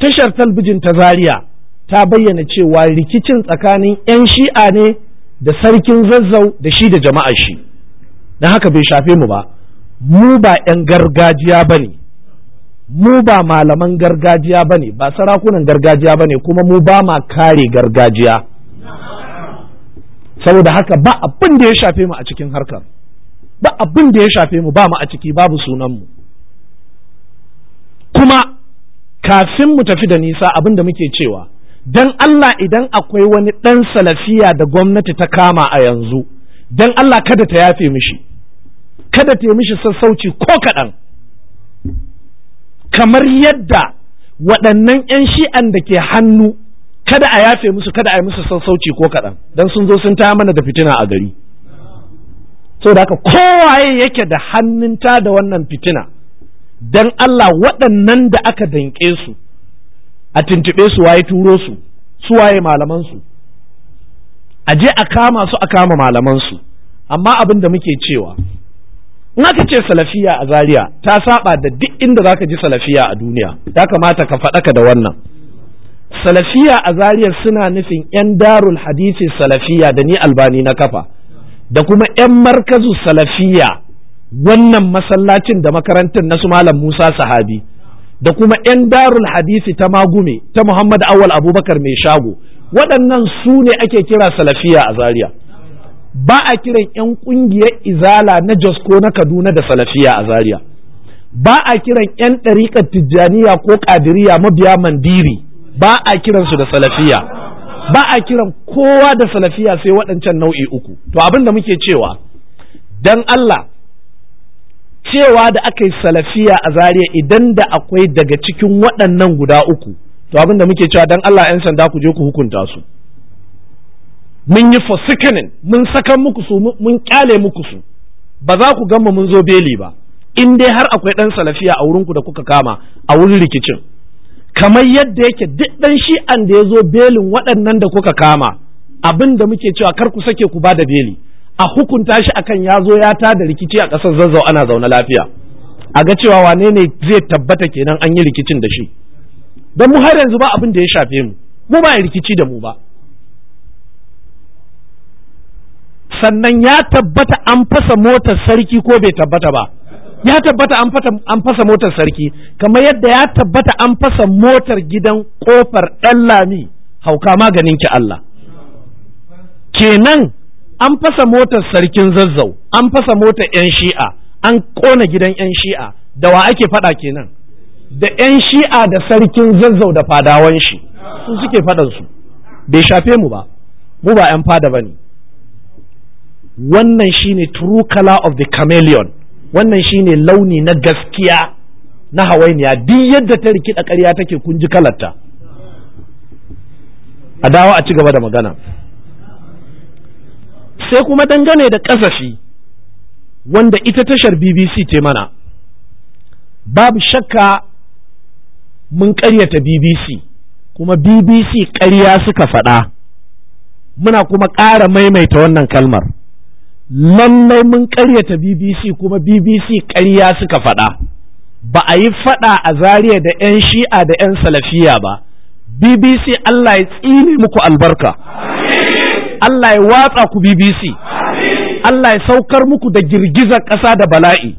tashar talbijin ta Zariya ta bayyana cewa rikicin tsakanin 'yan shi'a ne da sarkin zazzau da shi da jama'a shi don haka bai shafe mu ba mu ba 'yan gargajiya ba ne mu ba malaman gargajiya ba ne ba sarakunan gargajiya ba ne kuma mu ba ma kare gargajiya saboda haka ba abin da ya shafe mu a cikin harkar ba abin da ya shafe mu ba mu a ciki babu sunan mu kuma kafin mu tafi da nisa abin da muke cewa dan Allah idan akwai wani dan salafiya da gwamnati ta kama a yanzu dan Allah kada ta yafe mishi kada ta yi mishi sassauci ko kaɗan kamar yadda waɗannan 'yan shi'an da ke hannu kada a yafe musu kada a yi musu sassauci ko kaɗan don sun zo sun taya mana da fitina a gari so da haka kowaye yake da hannun ta da wannan fitina don Allah waɗannan da aka danƙe su a tuntuɓe su waye turo su su waye malaman su a je a kama su a kama malaman su amma abin da muke cewa in aka ce salafiya a Zariya ta saba da duk inda zaka ji salafiya a duniya ya kamata ka faɗaka da wannan salafiya a zariyar suna nufin 'yan darul hadisi salafiya da ni albani na kafa da kuma 'yan markazu salafiya wannan masallacin da makarantar na su malam musa sahabi da kuma 'yan darul hadisi ta magume ta muhammad awal abubakar mai shago waɗannan su ne ake kira salafiya a Zariya? ba a kiran 'yan ƙungiyar izala na jos ko na kaduna da salafiya a Zariya? ba a kiran 'yan ɗariƙar tijjaniya ko ƙadiriya mabiya mandiri ba a kiransu da salafiya ba a kiran kowa da salafiya sai waɗancan nau'i uku to abin da muke cewa dan Allah cewa da aka yi salafiya a zariya idan da akwai daga cikin waɗannan guda uku to abin da muke cewa dan Allah 'yan sanda ku je ku hukunta su mun yi fasikanin mun sakan muku su mun kyale muku su ba za ku gama mun zo beli ba in dai har akwai ɗan salafiya a wurinku da kuka kama a wurin rikicin kamar yadda yake duk ɗan shi'an da ya zo belin waɗannan da kuka kama abin da muke cewa kar ku sake ku ba da beli a hukunta shi akan ya zo ya tada rikici a ƙasar zazzau ana zaune lafiya a ga cewa wane ne zai tabbata kenan an yi rikicin da shi don mu har yanzu ba abin da ya shafe mu mu ba rikici da mu ba sannan ya tabbata an fasa motar sarki ko bai tabbata ba ya tabbata an fasa motar sarki kamar yadda ya tabbata an fasa motar gidan kofar ɗan lami hauka maganin ki Allah kenan an fasa motar sarkin zazzau an fasa motar 'yan shi'a an ƙona gidan 'yan shi'a da wa ake faɗa kenan da 'yan shi'a da sarkin zazzau da fadawan shi su suke faɗansu bai shafe mu ba mu ba 'yan fada ba ne wannan shine true color of the chameleon wannan shine launi na gaskiya na hawainiya duk yadda ta rikida ƙarya take kun ji kalarta a dawo a ci gaba da magana sai kuma dangane da ƙasafi wanda ita tashar bbc ce mana babu shakka mun ƙaryata bbc kuma bbc ƙarya suka faɗa muna kuma ƙara maimaita wannan kalmar lallai mun karyata BBC kuma BBC karya suka faɗa ba a yi faɗa a zariya da 'yan shi'a da 'yan salafiya ba BBC Allah ya tsine muku albarka Allah ya watsa ku BBC Allah ya saukar muku da girgizar ƙasa da bala'i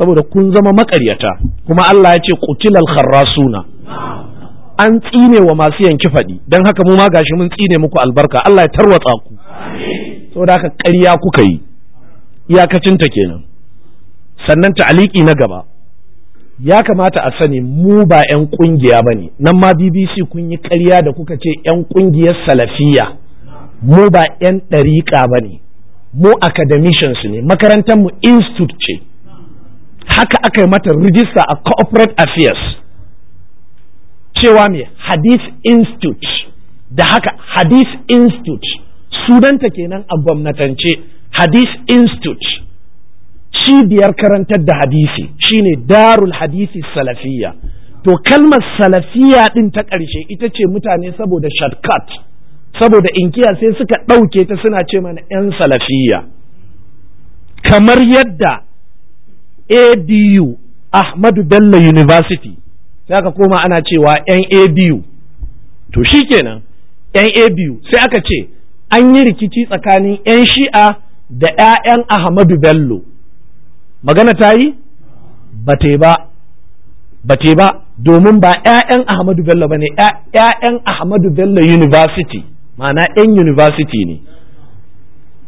saboda kun zama makaryata kuma Allah ya ce kutilal kharrasuna an tsine wa masu yanki faɗi don haka mu ma gashi mun tsine muku albarka Allah ya tarwatsa ku saboda haka ƙarya kuka yi iyakacinta kenan sannan ta'aliki na gaba ya kamata a sani mu ba 'yan kungiya ba ne nan ma bbc kun yi karya da kuka ce 'yan kungiyar salafiya mu ba 'yan ɗariƙa ba ne mu academicians ne makarantar mu institute ce haka aka mata rijista a corporate affairs cewa me hadith institute da haka hadith institute sunanta kenan a gwamnatance hadith institute cibiyar karantar da hadisi shine darul hadisi salafiya. to kalmar salafiya din ta ƙarshe ita ce mutane saboda shortcut saboda inkiya sai suka ɗauke ta suna ce mana 'yan salafiya kamar yadda ADU ahmadu bello university sai aka koma ana cewa 'yan adu to shikenan 'yan adu sai aka ce an yi rikici tsakanin 'yan shi'a da 'ya'yan ahmadu bello magana ta yi ba ba domin ba 'ya'yan ahmadu bello ba ne 'ya'yan ahmadu bello university ma'ana 'yan university ne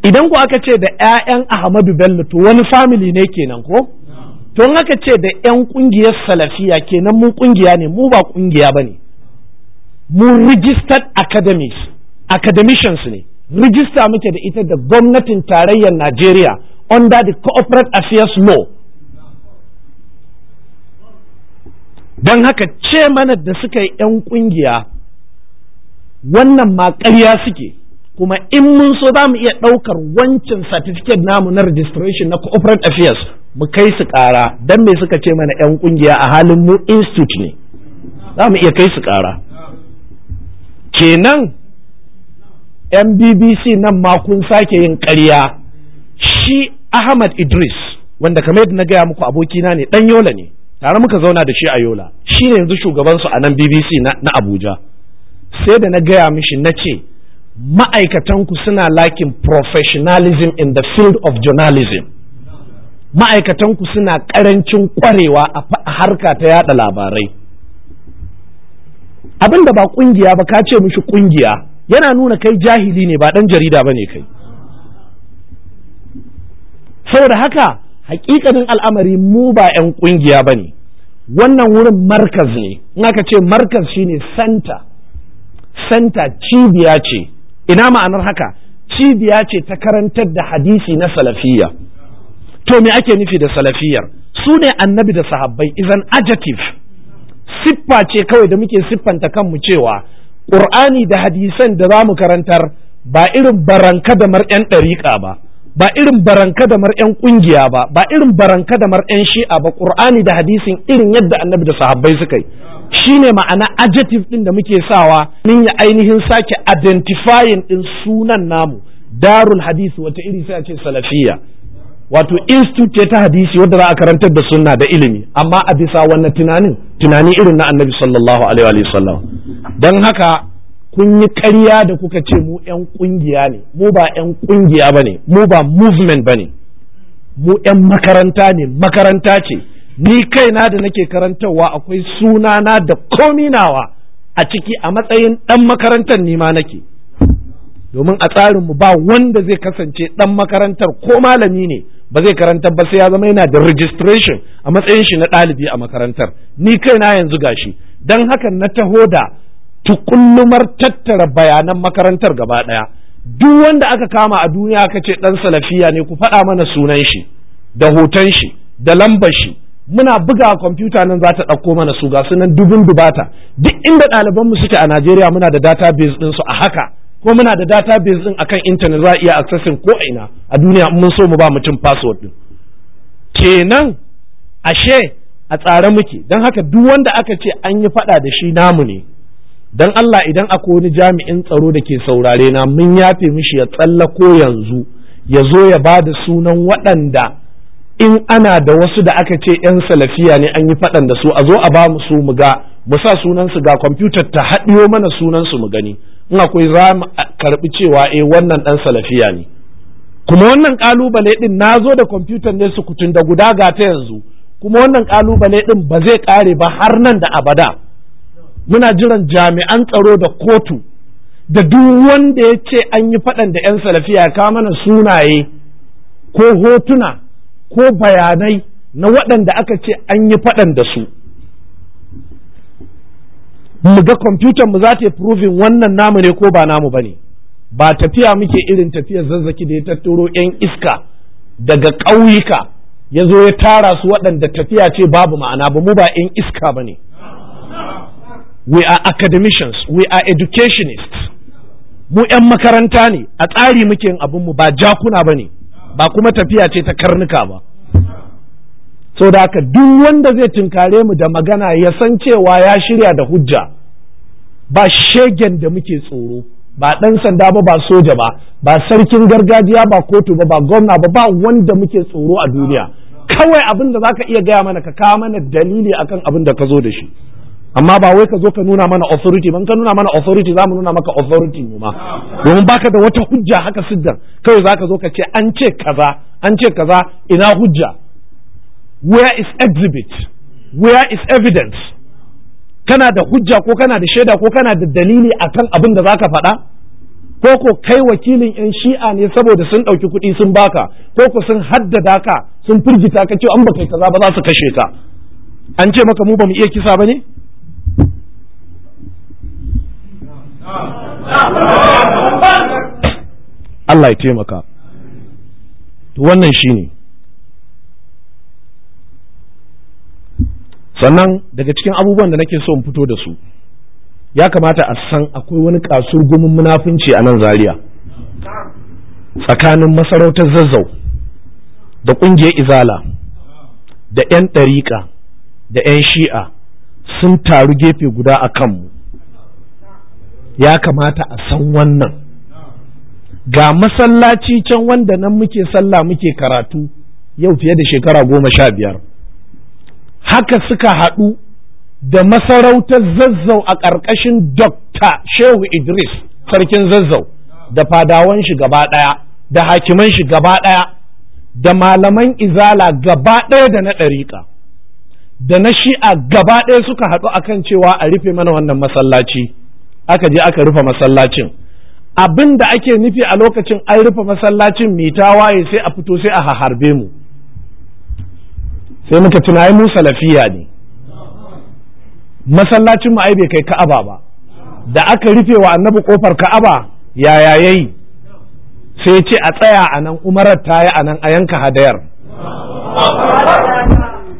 idan ku aka ce da 'ya'yan ahmadu bello to wani family ne kenan ko don aka ce da 'yan kungiyar salafiya kenan mu kungiya ne mu ba kungiya ba ne mu registered academics academicians ne rijista muke da ita da gwamnatin tarayyar Najeriya under the corporate affairs law don haka ce mana da suka yi 'yan kungiya wannan ma ƙarya suke kuma in mun so za mu iya ɗaukar wancan certificate namu na registration na corporate affairs mu kai su ƙara don me suka ce mana 'yan kungiya a halin mu institute ne za mu iya kai su ƙara kenan yan bbc nan ma kun sake yin ƙarya shi ahmad idris wanda kamar yadda na gaya muku abokina ne dan yola ne tare muka zauna da shi a yola shi ne yanzu shugabansu a nan bbc na, na abuja sai da na gaya mishi na ce ma'aikatanku suna lakin professionalism in the field of journalism ma'aikatanku suna ƙarancin ƙwarewa a harka ta yada labarai abin da ba ƙungiya ba ka ce mishi ƙungiya yana nuna kai jahili ne ba ɗan jarida ba ne kai saboda haka hakikanin al'amari mu ba 'yan ƙungiya ba ne wannan wurin markaz ne in aka ce markaz shine santa santa cibiya ce ina ma'anar haka cibiya ce ta karantar da hadisi na salafiyya to me ake nufi da salafiyar su ne annabi da sahabbai is an adjective siffa ce kawai da muke siffanta kanmu cewa ƙur'ani da hadisan da za mu karantar ba irin baranka da 'yan ɗariƙa ba ba irin baranka da 'yan ƙungiya ba ba irin baranka da mar'yan shi'a ba ƙur'ani da hadisin irin yadda annabi da sahabbai suka yi shine ma'ana adjective ɗin da muke sawa nin ya ainihin sake identifying ɗin sunan namu darul hadisi wata iri sai a ce salafiya wato institute ta hadisi wadda za a karantar da sunna da ilimi amma a bisa wannan tunanin tunani irin na annabi sallallahu alaihi wa sallam don haka kun yi karya da kuka ce mu 'yan ƙungiya ne mu ba 'yan ƙungiya ba ne mu ba movement ba ne mu 'yan makaranta ne makaranta ce ni kaina da nake karantarwa akwai suna na da kominawa a ciki a matsayin ɗan makarantar ni nake domin a tsarinmu ba wanda zai kasance ɗan makarantar ko malami ne ba zai karantar ba sai ya zama yana da registration a matsayin shi na ɗalibi a makarantar ni kaina yanzu gashi don haka na taho da tukullumar tattara bayanan makarantar gaba ɗaya duk wanda aka kama a duniya aka ce ɗan salafiya ne ku faɗa mana sunan shi da hoton shi da lambar shi muna buga kwamfuta nan za ta ɗauko mana su ga sunan dubun dubata duk inda ɗaliban mu suke a najeriya muna da database ɗinsu a haka ko muna da database ɗin akan intanet za a iya accessing ko ina a duniya mun so mu ba mutum password ɗin kenan ashe a tsare muke don haka duk wanda aka ce an yi faɗa da shi namu ne dan Allah idan akwai wani jami'in tsaro da ke saurare na mun yafe mishi ya tsallako yanzu ya zo ya ba da sunan waɗanda in ana da wasu da aka ce 'yan salafiya ne an yi faɗan da su a zo a ba mu su mu ga mu sa sunansu ga kwamfutar ta haɗiyo mana sunansu mu gani in akwai za mu karɓi cewa eh wannan ɗan salafiya ne kuma wannan kalubale ɗin na zo da kwamfutar ne su kutun da guda ga ta yanzu kuma wannan ƙalubale ɗin ba zai ƙare ba har nan da abada muna jiran jami'an tsaro da kotu da duk wanda ya ce an yi faɗan da 'yan salafiya ka mana sunaye ko hotuna ko bayanai na waɗanda aka ce an yi faɗan da su mu ga kwamfutar mu za ta yi proving wannan namu ne ko ba namu ba ne ba tafiya muke irin tafiyar zazzaki da ya tattaro 'yan iska daga ƙauyuka ya zo ya tara su waɗanda tafiya ce babu ma'ana ba mu ba 'yan iska ba ne we are academicians we are educationists mu 'yan makaranta ne a tsari muke yin abinmu ba jakuna ba ne ba kuma tafiya ce ta karnuka ba so da haka duk wanda zai tunkare mu da magana ya san cewa ya shirya da hujja ba shegen da muke tsoro ba ɗan sanda ba ba soja ba ba sarkin gargajiya ba kotu ba ba gwamna ba ba wanda muke tsoro a duniya kawai abin da za ka iya gaya mana ka kawo mana dalili akan abin da ka zo da shi amma ba wai ka zo ka nuna mana authority ban ka nuna mana authority za mu nuna maka authority mu ma domin baka da wata hujja haka siddan kawai za ka zo ka ce an ce kaza an ce kaza ina hujja where is exhibit where is evidence kana da hujja ko kana da shaida ko kana da dalili akan abin da zaka faɗa ko ko kai wakilin yan shi'a ne saboda sun ɗauki kuɗi sun baka ko ko sun haddada ka sun firgita ka ce an baka kaza ba za su kashe ka an ce maka mu ba mu iya kisa ba ne Allah ya taimaka wannan shi ne. sannan daga cikin abubuwan da nake so in fito da su ya kamata a san akwai wani kasur gumin munafunci a nan Zariya. tsakanin masarautar zazzau da ƙungiyar izala da 'yan ɗariƙa da 'yan shi'a sun taru gefe guda a kanmu ya kamata a san wannan ga masallaci can wanda nan muke sallah muke karatu yau fiye da shekara goma sha biyar haka suka haɗu da masarautar zazzau a ƙarƙashin dokta shehu idris sarkin zazzau da fadawan shi gaba ɗaya da hakiman shi gaba ɗaya da malaman izala gaba ɗaya da na ɗariƙa da na shi'a gaba ɗaya suka haɗu akan cewa a rufe mana wannan masallaci aka je aka rufe masallacin abin da ake nufi a lokacin an rufe masallacin mita waye sai a fito sai a harbe mu sai muka tunayi mu salafiya ne masallacin mu ai bai kai ka'aba ba da aka rufe wa annabi kofar ka'aba yaya yayi sai ce a tsaya a nan umarar ta yi a nan a yanka hadayar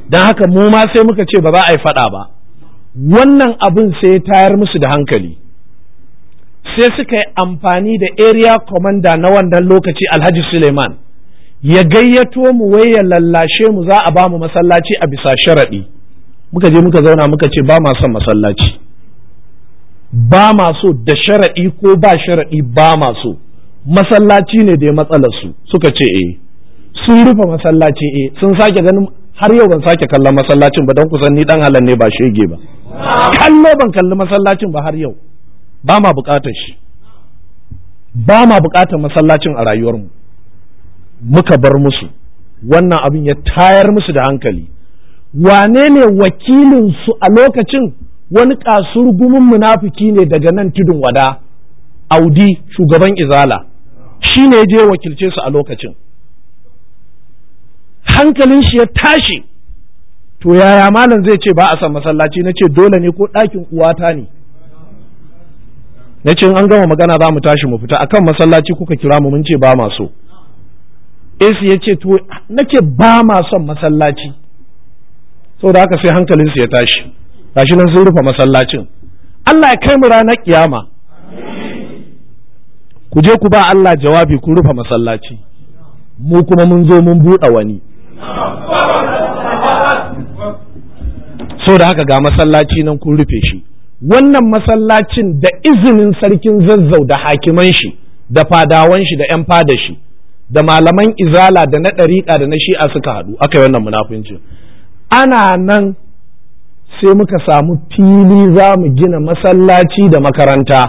don haka mu ma sai muka ce ba za a yi faɗa ba wannan abin sai tayar musu da hankali sai suka yi amfani da area commander na wannan lokaci alhaji suleiman ya gayyato mu wai ya lallashe mu za a ba mu masallaci a bisa sharaɗi muka je muka zauna muka ce ba ma masallaci ba ma da sharaɗi ko ba sharaɗi ba ma masallaci ne da ya matsalar su suka ce eh sun rufe masallaci eh sun sake ganin har yau ban sake kallon masallacin ba don kusan ni dan halan ne ba shege ba kallo ban kalli masallacin ba har yau ba ma bukatar shi ba ma bukatar masallacin a rayuwarmu muka bar musu wannan abin ya tayar musu da hankali wane ne wakilinsu a lokacin wani kasurgumin munafiki ne daga nan tudun wada audi shugaban izala shi ne je wakilce su a lokacin hankalin shi ya tashi to yaya malam zai ce ba a san masallaci na ce dole ne ko ɗakin uwata ne na ce an gama magana za mu tashi mu fita akan masallaci kuka kira mu mun ce ba ma so AC ya ce to na ce ba ma son masallaci saboda haka sai hankalinsu ya tashi gashi nan sun rufe masallacin Allah ya kai mu ranar kiyama ku je ku ba Allah jawabi ku rufe masallaci mu kuma mun zo mun buɗe wani so da haka ga masallaci nan kun rufe shi wannan masallacin da izinin sarkin zazzau da hakiman shi da fadawan shi da 'yan fada shi da malaman izala da na ɗariƙa da na shi'a suka haɗu aka yi wannan munafincin ana nan sai muka samu fili za mu gina masallaci da makaranta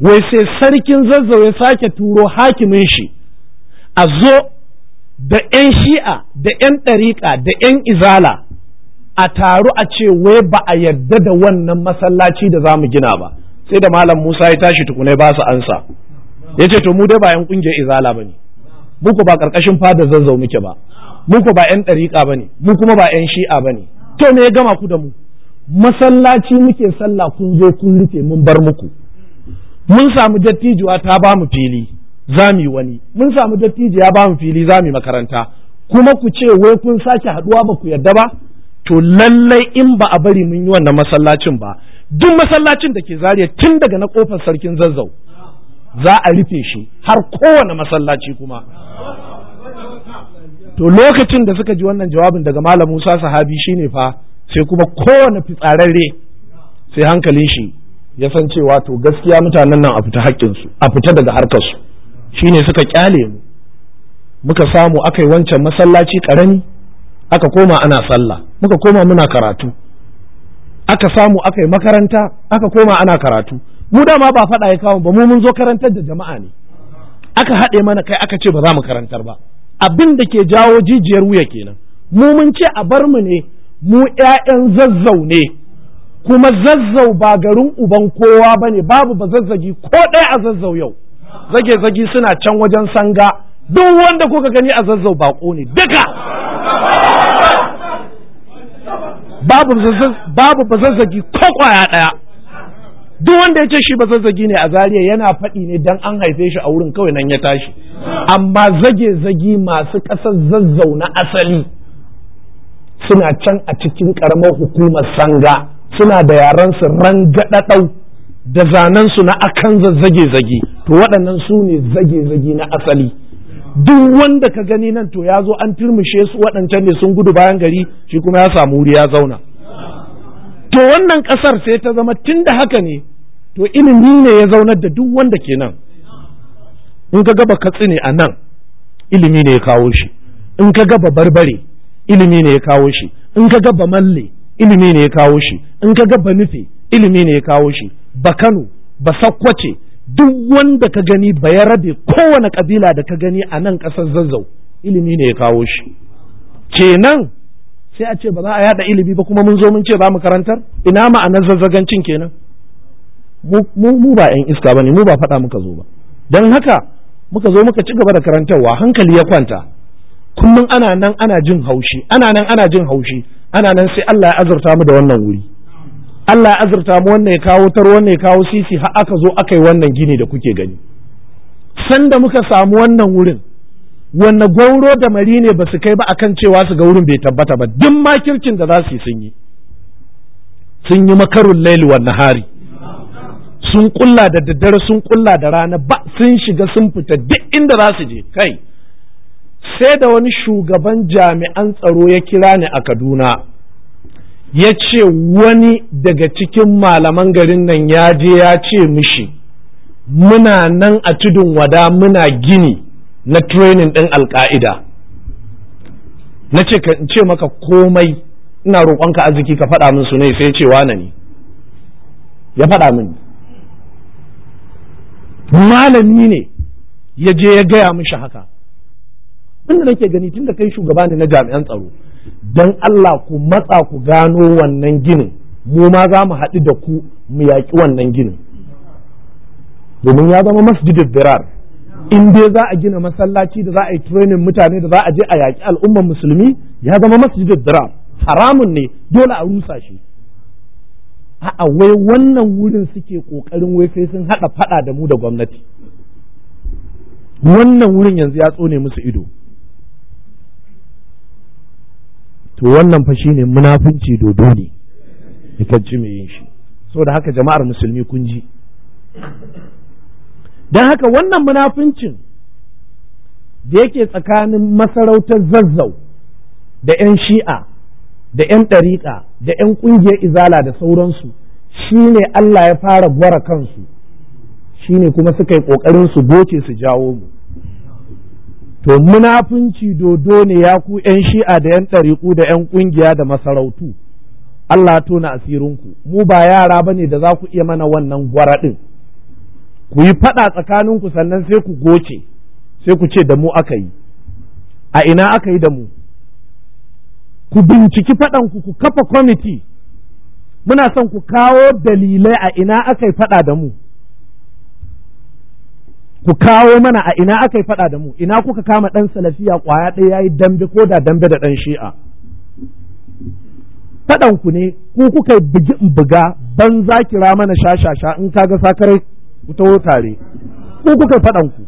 wai sai sarkin zazzau ya sake turo hakimin shi a zo da 'yan shi'a da 'yan ɗariƙa da 'yan izala a taru a ce wai ba a yarda da wannan masallaci da za mu gina ba sai da malam musa ya tashi tukunai ba su ansa ya ce to mu dai ba yan kungiyar izala ba ne muku ba karkashin fada zazzau muke ba muku ba yan ɗariƙa ba ne mu kuma ba yan shi'a ba ne to me ya gama ku da mu masallaci muke sallah kun zo kun rufe mun bar muku mun samu dattijuwa ta ba mu fili za mu yi wani mun samu dattijuwa ba mu fili za mu makaranta kuma ku ce wai kun sake haɗuwa ba ku yarda ba to lallai in ba a bari mun yi wannan masallacin ba duk masallacin da ke zariya tun daga na kofar sarkin zazzau za a rufe shi har kowane masallaci kuma to lokacin da suka ji wannan jawabin daga malam Musa sahabi shine fa sai kuma kowane fitsararre sai hankalin shi ya san cewa to gaskiya mutanen nan a fita haƙƙinsu a fita daga harkarsu shine suka kyale mu muka samu akai wancan masallaci karami aka koma ana sallah muka koma muna karatu aka samu aka yi makaranta aka koma ana karatu mu dama ba faɗa ya kawo ba mu mun zo karantar da jama'a ne aka haɗe mana kai aka ce ba za mu karantar ba abin da ke jawo jijiyar wuya kenan mu mun ce a bar mu ne mu ƴaƴan zazzau ne kuma zazzau ba garin uban kowa ba ne babu ba zazzagi ko ɗaya a zazzau yau zage zagi suna can wajen sanga duk wanda kuka gani a zazzau baƙo ne duka babu ba bazazzagi ko kwaya ɗaya duk wanda ya ce shi bazazzagi ne a zariya yana faɗi ne dan an haife shi a wurin kawai nan ya tashi amma zage-zagi masu ƙasar zazzau na asali suna can a cikin ƙaramar hukumar sanga suna da yaransu rangaɗaɗau da zanensu na akan zazzage-zage to waɗannan su ne zage-zage na asali duk wanda ka gani nan to ya zo an turmushe su waɗancan ne sun gudu bayan gari shi kuma ya samu wuri ya zauna to wannan ƙasar sai ta zama tun da haka ne to ilimi ne ya zaunar da duk wanda ke nan in ka gaba katsi ne a nan ilimi ne ya kawo shi in ka gaba barbare ilimi ne ya kawo shi in ka gaba malle ilimi ne ya kawo shi in ka gaba nufi ilimi ne ya kawo shi ba kano ba sakkwace duk wanda ka gani rabe kowane kabila da ka gani a nan kasar zazzau ilimi ne ya kawo shi kenan sai a ce ba za a yada ilimi ba kuma mun zo mun ce ba mu karantar ina ma'anar zazzagancin kenan mu ba 'yan iska ba ne mu ba faɗa muka zo ba don haka muka zo muka ci gaba da karantarwa hankali ya kwanta kullum ana nan ana jin haushi ana nan ana jin haushi ana nan sai Allah ya azurta mu da wannan wuri Allah ya azurta mu wannan ya kawo tar wannan ya kawo sisi har aka zo aka yi wannan gini da kuke gani sanda muka samu wannan wurin wanne gauro da mari ne ba su kai ba akan cewa su ga wurin bai tabbata ba duk kirkin da za su sun yi sun yi makarun laili wa nahari sun kulla da daddare sun kulla da rana ba sun shiga sun fita duk inda za su je kai sai da wani shugaban jami'an tsaro ya kira ni a Kaduna ya ce wani daga cikin malaman garin nan ya je ya ce mishi muna nan a tudun wada muna gini na training ɗin alka'ida na ce ka ce maka komai ina roƙonka arziki ka faɗa min su ne sai ce wane ne ya faɗa min malami ne ya je ya gaya mishi haka inda nake gani tun da kai shugaba ne na jami'an tsaro don Allah ku matsa ku gano wannan ginin mu ma za mu haɗu da ku mu yaƙi wannan ginin domin ya zama masjidin dirar in dai za a gina masallaci da za a yi training mutane da za a je a yaƙi al'ummar musulmi ya zama masjidin dirar haramun ne dole a rusa shi a'a wai wannan wurin suke ƙoƙarin wai sai sun haɗa faɗa da mu da gwamnati wannan wurin yanzu ya tsone musu ido to wannan fa shine munafunci dodo ne yakan ci mai yin shi saboda haka jama'ar musulmi kun ji don haka wannan munafuncin da yake tsakanin masarautar zazzau da 'yan shi'a da 'yan ɗariƙa da 'yan ƙungiyar izala da sauransu shi ne Allah ya fara gwara kansu shi ne kuma suka yi ƙoƙarin su goce su jawo mu to munafunci dodo ne ya ku ‘yan shi'a da ‘yan ɗariƙu da ‘yan ƙungiya da masarautu Allah tona asirinku mu ba yara ba ne da za ku iya mana wannan gwaraɗin ku yi faɗa tsakaninku sannan sai ku goce sai ku ce da mu aka yi a ina aka yi da mu ku binciki faɗanku ku kafa kwamiti muna son ku kawo dalilai a ina aka yi faɗa da mu ku kawo mana a ina aka yi faɗa da mu ina kuka kama ɗan salafiya ƙwaya ɗaya ya yi dambe ko da dambe da ɗan shi'a faɗanku ne ku kuka yi bugi in buga banza kira mana shashasha in kaga sakarai ku taho tare ku kuka yi faɗanku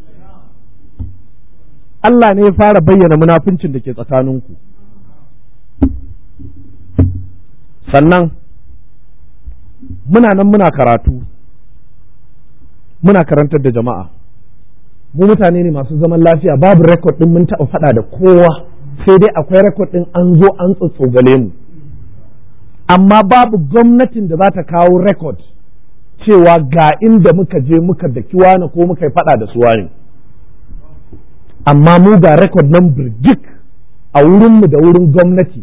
Allah ne ya fara bayyana munafuncin da ke tsakaninku sannan muna nan muna karatu muna karantar da jama'a mu mutane ne masu zaman lafiya babu rekod ɗin mun taɓa faɗa da kowa sai dai akwai rekod ɗin an zo an tsotsogale mu amma babu gwamnatin da za ta kawo rekod cewa ga inda muka je muka da ko muka yi faɗa da suwa ne amma mu ga rekod nan birgik a wurinmu da wurin gwamnati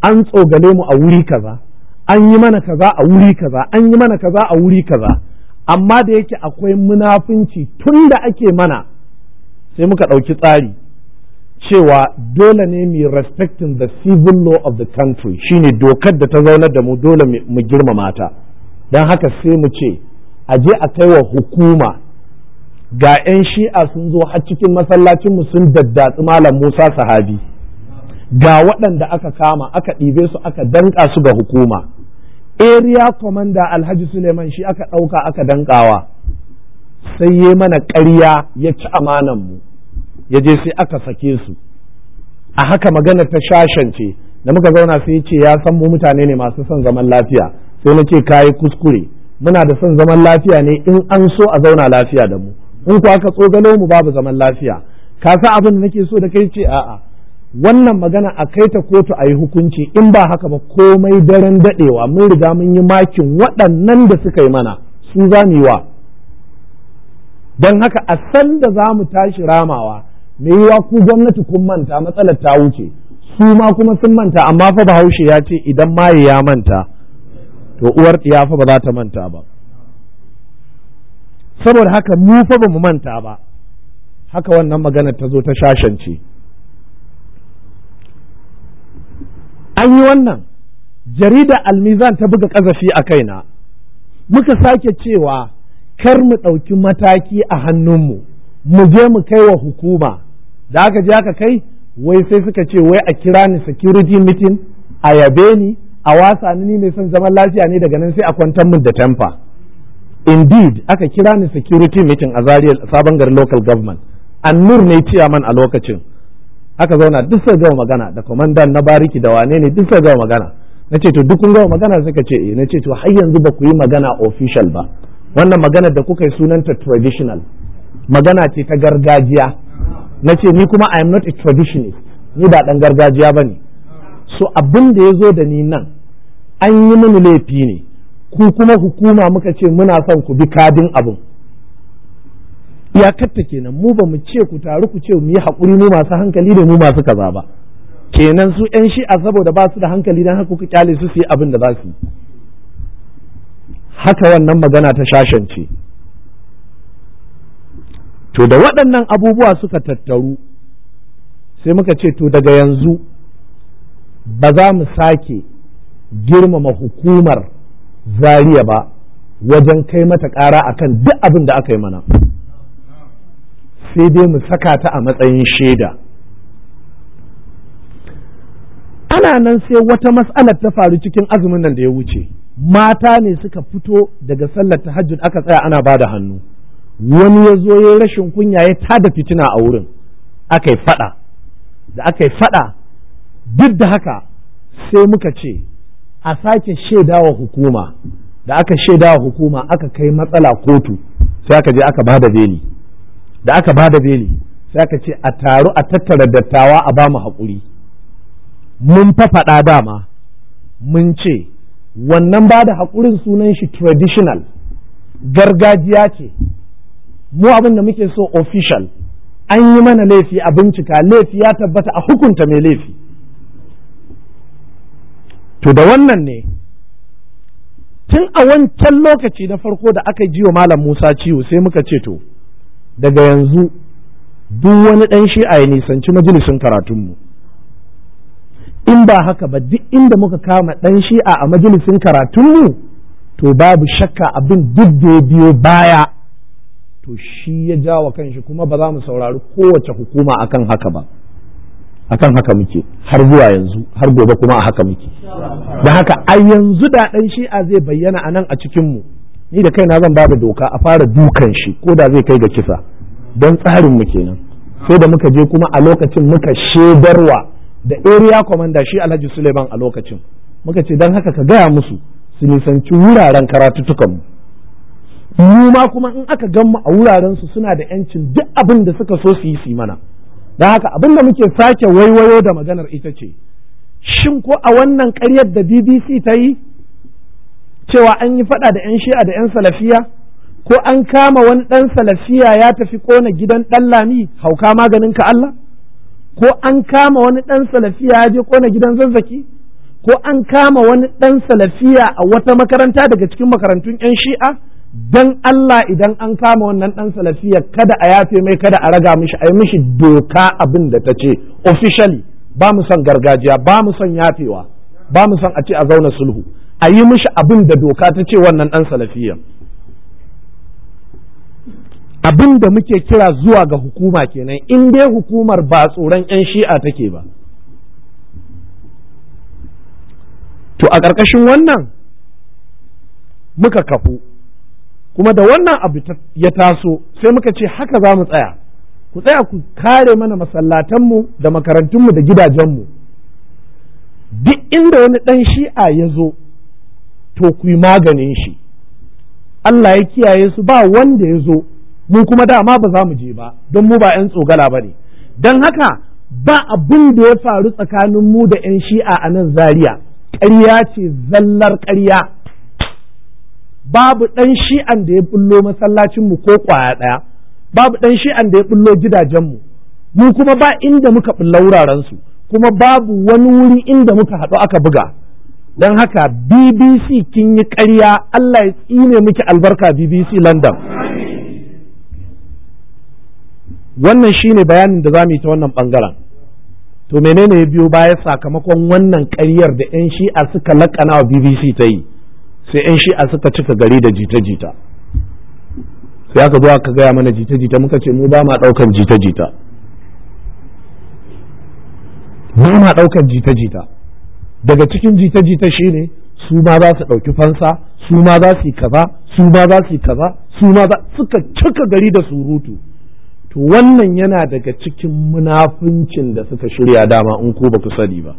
an tsogale mu a wuri kaza an yi mana kaza a wuri kaza an yi mana kaza a wuri kaza amma da yake akwai munafunci tun da ake mana sai muka ɗauki tsari cewa dole ne mu respecting the civil law of the country shine dokar da ta zaunar da mu dole mu girmama ta don haka sai mu ce a je a kai wa hukuma ga 'yan shi'a sun zo har cikin masallacinmu sun daddatsi malam musa sahabi ga waɗanda aka kama aka ɗibe su aka danƙa su ga hukuma area commander alhaji suleiman shi aka ɗauka aka dankawa sai ya mana ƙarya ya ci amananmu, ya je sai aka sake su a haka magana ta shashance da muka zauna sai ya ce ya san mu mutane ne masu son zaman lafiya sai na ce kayi kuskure muna da son zaman lafiya ne in an so a zauna lafiya da mu in ku aka tsogalo mu babu zaman lafiya ka sa abin da nake so da kai ce a'a wannan magana a kai ta kotu a yi hukunci in ba haka ba komai daren daɗewa mun riga mun yi makin waɗannan da suka yi mana su za mu yi wa don haka a san da za mu tashi ramawa me yiwa ku gwamnati kun manta matsalar ta wuce su ma kuma sun manta amma fa bahaushe ya ce idan maye ya manta to uwar ya fa ba za ta manta ba saboda haka mu fa ba mu manta ba haka wannan magana ta zo ta shashance an yi wannan jarida almizan ta buga ƙazafi a kaina muka sake cewa kar mu ɗauki mataki a hannunmu mu je mu kai wa hukuma da aka je aka kai wai sai suka ce wai a kira ni security meeting a yabe ni a wasa ni mai son zaman lafiya ne daga nan sai a kwantar mu da tamfa? indeed aka kira ni security meeting a sabon garin local government annur ne ciyaman a lokacin aka zauna duk sai gawa magana da kwamandan na bariki da wane ne duk sai gawa magana na ce to duk kun gawa magana suka ce eh, na ce to har yanzu ba ku yi magana official ba wannan magana da kuka yi sunanta traditional magana ce ta gargajiya Nace ni kuma I am not a traditionist ni ba dan gargajiya ba ne so abin da ya zo da ni nan an yi mini laifi ne ku kuma hukuma muka ce muna son ku bi kadin abin iyakarta kenan mu ba mu ce ku taru ku ce mu yi haƙuri mu masu hankali da mu masu kaza ba kenan su yan shi'a saboda ba su da hankali dan haka ku kyale su su yi abin da za su yi haka wannan magana ta shashance to da waɗannan abubuwa suka tattaru sai muka ce to daga yanzu ba za mu sake girmama hukumar zariya ba wajen kai mata ƙara akan duk abin da aka yi mana sai dai mu saka ta a matsayin shaida ana nan sai wata mas'alar ta faru cikin azumin nan da ya wuce mata ne suka fito daga sallar tahajjud aka tsaya ana ba da hannu wani ya zo ya rashin kunya ya tada fitina a wurin aka yi fada da aka yi fada duk da haka sai muka ce a sake shaidawa hukuma da aka shaidawa hukuma aka kai matsala kotu sai aka je aka ba da beli da aka ba da beli sai aka ce a taru a tattara dattawa a ba mu haƙuri mun fafaɗa dama mun ce wannan ba da haƙurin sunan shi traditional gargajiya ce mu abin da muke so official an yi mana laifi a bincika laifi ya tabbata a hukunta mai laifi to da wannan ne tun a wancan lokaci na farko da aka ji wa malam musa ciwo sai muka ce to daga yanzu duk wani ɗan shi'a ya nisanci majalisin karatunmu in ba haka ba duk inda muka kama ɗan shi'a a majalisin karatunmu to babu shakka abin duk da ya biyo baya to shi ya jawa kanshi kuma ba za mu saurari kowace hukuma akan haka ba akan haka muke har zuwa yanzu har gobe kuma a haka muke da haka a yanzu da ɗan shi'a zai bayyana a nan a cikinmu ni da kaina zan bada doka a fara dukan shi ko da zai kai ga kisa don tsarin mu kenan sai da muka je kuma a lokacin muka shedarwa da area commander shi Alhaji Suleiman a lokacin muka ce dan haka ka gaya musu su nisanci wuraren karatutukan mu mu ma kuma in aka gan mu a wuraren su suna da yancin duk abin da suka so su yi su mana dan haka abin da muke sake waiwayo da maganar ita ce shin ko a wannan ƙaryar da BBC ta yi cewa an yi faɗa da 'yan shi'a da 'yan salafiya ko an kama wani ɗan salafiya ya tafi kona gidan ɗan lami hauka maganin ka Allah ko an kama wani ɗan salafiya ya je kona gidan zazzaki ko an kama wani ɗan salafiya a wata makaranta daga cikin makarantun 'yan shi'a Don Allah idan an kama wannan ɗan salafiya kada a yafe mai kada a raga mishi a yi mishi doka abin da ta ce officially ba mu son gargajiya ba mu son yafewa ba mu son a ce a zauna sulhu a yi mishi abin da doka ta ce wannan ɗan salafiya abin da muke kira zuwa ga hukuma kenan in dai hukumar ba tsoron 'yan shi'a take ba to a ƙarƙashin wannan muka kafu kuma da wannan abu ya taso sai muka ce haka za mu tsaya ku tsaya ku kare mana masallatanmu da makarantunmu da gidajenmu duk inda wani ɗan shi'a ya zo to ku yi maganin shi Allah ya kiyaye su ba wanda ya zo mu kuma dama ba za mu je ba don mu ba 'yan tsogala ba ne don haka ba abin da ya faru tsakanin mu da 'yan shi'a a nan Zariya, ƙarya ce zallar ƙarya babu ɗan shi'an da ya bullo masallacinmu ko ƙwaya ɗaya babu ɗan shi'an da ya bullo gidajenmu mu kuma ba inda muka bulla su, kuma babu wani wuri inda muka haɗu aka buga don haka bbc kin yi ƙarya allah ya tsine miki albarka bbc london wannan shine bayanin da za mu yi ta wannan bangaren to menene ya biyo baya sakamakon wannan ƙaryar da 'yan shi'a suka laƙana wa bbc ta yi sai 'yan shi'a suka cika gari da jita-jita sai aka zo aka gaya mana jita-jita muka ce mu ba ma ɗaukan ɗaukan jita-jita daga cikin jita-jita shi ne su ma za su ɗauki fansa su ma za su yi kaza su ma za su yi kaza su ma za suka cika gari da surutu to wannan yana daga cikin munafincin da suka shirya dama in ko ba ku sani ba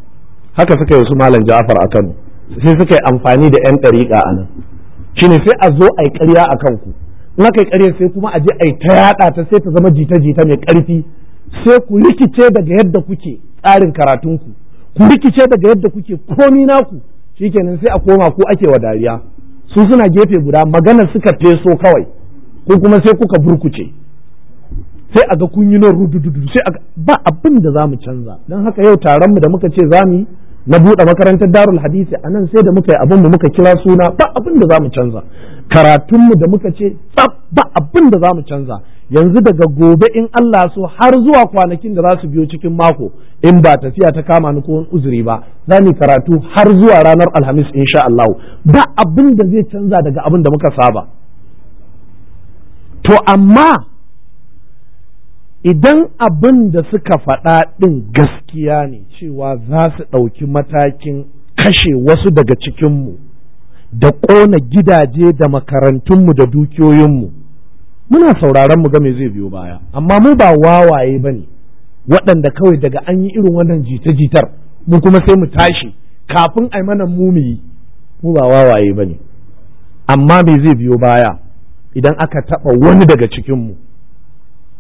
haka suka yi su malam Ja'far a Kano sai suka yi amfani da 'yan ɗariƙa a nan shine sai a zo a yi ƙarya a kanku in aka yi ƙarya sai kuma a je a yi ta yaɗa ta sai ta zama jita-jita mai ƙarfi sai ku rikice daga yadda kuke tsarin karatunku ku rikice daga yadda kuke komi naku shikenan sai a koma ku ake wa dariya su suna gefe guda maganar suka feso kawai ko kuma sai kuka burkuce sai a ga kun yi nan rudududu sai a ba abin da za mu canza don haka yau taron mu da muka ce za mu na buɗe makarantar darul hadisi a nan sai da muka yi abin mu muka kira suna ba abin da za mu canza karatunmu da muka ce ba abin da za mu canza yanzu daga gobe in Allah so har zuwa kwanakin da za su biyo cikin mako in ba tafiya ta kama ni ko uzuri ba za mu karatu har zuwa ranar alhamis insha Allah ba abin da zai canza daga abin da muka saba to amma idan abin da suka faɗa ɗin gaskiya ne cewa za su ɗauki matakin kashe wasu daga cikinmu da ƙona gidaje da makarantunmu da dukiyoyinmu muna sauraron mu ga me zai biyo baya amma mu ba wawaye ba ne waɗanda kawai daga an yi irin wannan jita-jitar mu kuma sai mu tashi kafin a mana mumiyi mu ba wawaye ba ne amma me zai biyo baya idan aka taɓa wani daga cikinmu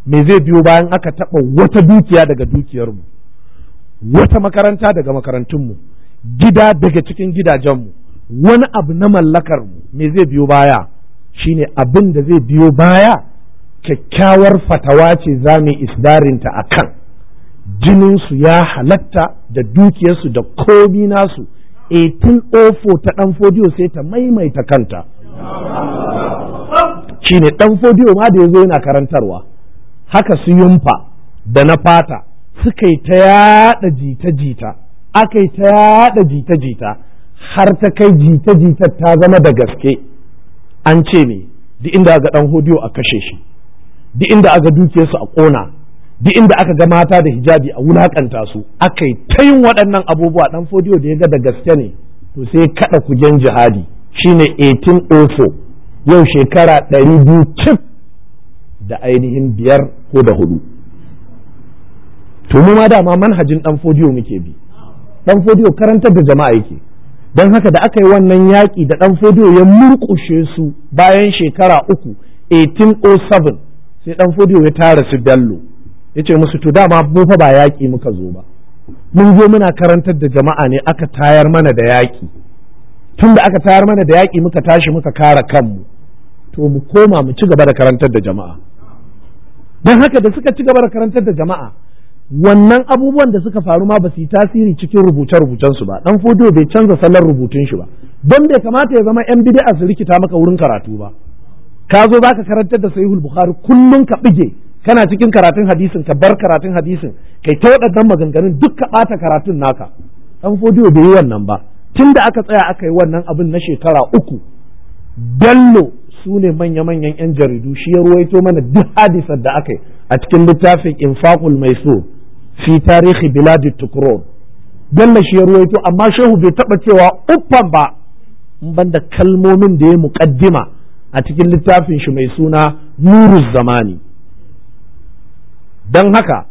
me zai biyo bayan aka taɓa wata dukiya daga dukiyarmu wata makaranta daga makarantunmu gida daga cikin gidajenmu wani abu na mallakar mu me zai biyo baya shine abin da zai biyo baya kyakkyawar fatawa ce za mu isdarinta a kan jininsu ya halatta da dukiyarsu da komi nasu ofo oh ta ɗan fodiyo sai ta maimaita kanta shine ɗan fodiyo ma da ya zo yana karantarwa haka su yumfa da na fata suka yi ta yaɗa jita-jita aka yi ta yaɗa jita-jita har ta kai jita-jita ta zama da gaske an ce ne duk inda aka dan hodiyo a kashe shi duk inda aga dukiyarsu a ƙona duk inda aka ga mata da hijabi a wulakanta su aka yi ta yin waɗannan abubuwa dan hodiyo da ya ga da gaske ne to sai kaɗa kugen jihadi shine 1804 yau shekara ɗari biyu cif da ainihin biyar ko da hudu to mu ma dama manhajin ɗan fodiyo muke bi ɗan fodiyo karantar da jama'a yake don haka da aka yi wannan yaƙi da ɗan fodo ya murƙushe su bayan shekara uku 1807 sai ɗan fodo ya tara su bello ya ce musu to dama mu ba yaƙi muka zo ba mun zo muna karantar da jama'a ne aka tayar mana da yaƙi tun da aka tayar mana da yaƙi muka tashi muka kara kanmu to mu koma mu ci gaba da karantar da jama'a don haka da suka ci gaba da karantar da jama'a wannan abubuwan da suka faru ma ba su yi tasiri cikin rubuce-rubucen su ba dan fodiyo bai canza salon rubutun shi ba don bai kamata ya zama yan bid'a su rikita maka wurin karatu ba ka zo zaka karantar da sahihul bukhari kullum ka bige kana cikin karatun hadisin ka bar karatun hadisin kai ta wadannan maganganun duk ka ɓata karatun naka dan fodiyo bai yi wannan ba tun da aka tsaya aka yi wannan abin na shekara uku bello su ne manya-manyan 'yan jaridu shi ya ruwaito mana duk hadisar da aka yi a cikin littafin infaqul mai so fi tarihi biladi tukuro bello shi ya ruwaito amma shehu bai taba cewa uffan ba in banda kalmomin da ya muƙaddima a cikin littafin shi mai suna nuru zamani don haka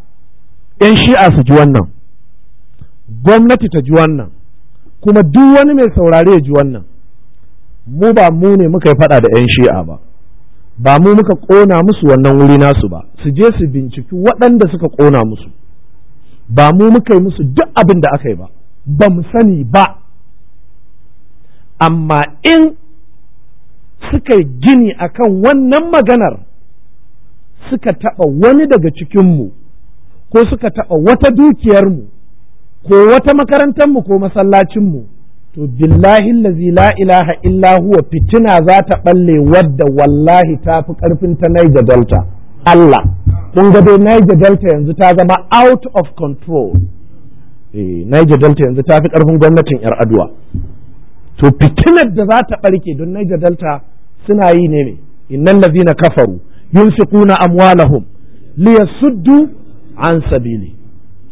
'yan shi'a su ji wannan gwamnati ta ji wannan kuma duk wani mai saurare ya ji wannan mu ba mu ne muka yi faɗa da 'yan shi'a ba ba mu muka ƙona musu wannan wuri nasu ba su je su binciki waɗanda suka ƙona musu ba mu muka yi musu duk abin da aka yi ba ba mu sani ba amma in suka yi gini akan wannan maganar suka taɓa wani daga cikinmu ko suka taɓa wata dukiyarmu ko wata makarantarmu ko masallacinmu to billahi lazi la ilaha illa fitina za ta ɓalle wadda wallahi ta fi ƙarfin ta Niger Delta Allah kun ga dai Niger Delta yanzu ta zama out of control eh Niger Delta yanzu ta fi ƙarfin gwamnatin yar aduwa to fitinar da za ta ɓarke don Niger Delta suna yi ne ne innal ladhina kafaru yunfiquna amwalahum suddu an sabili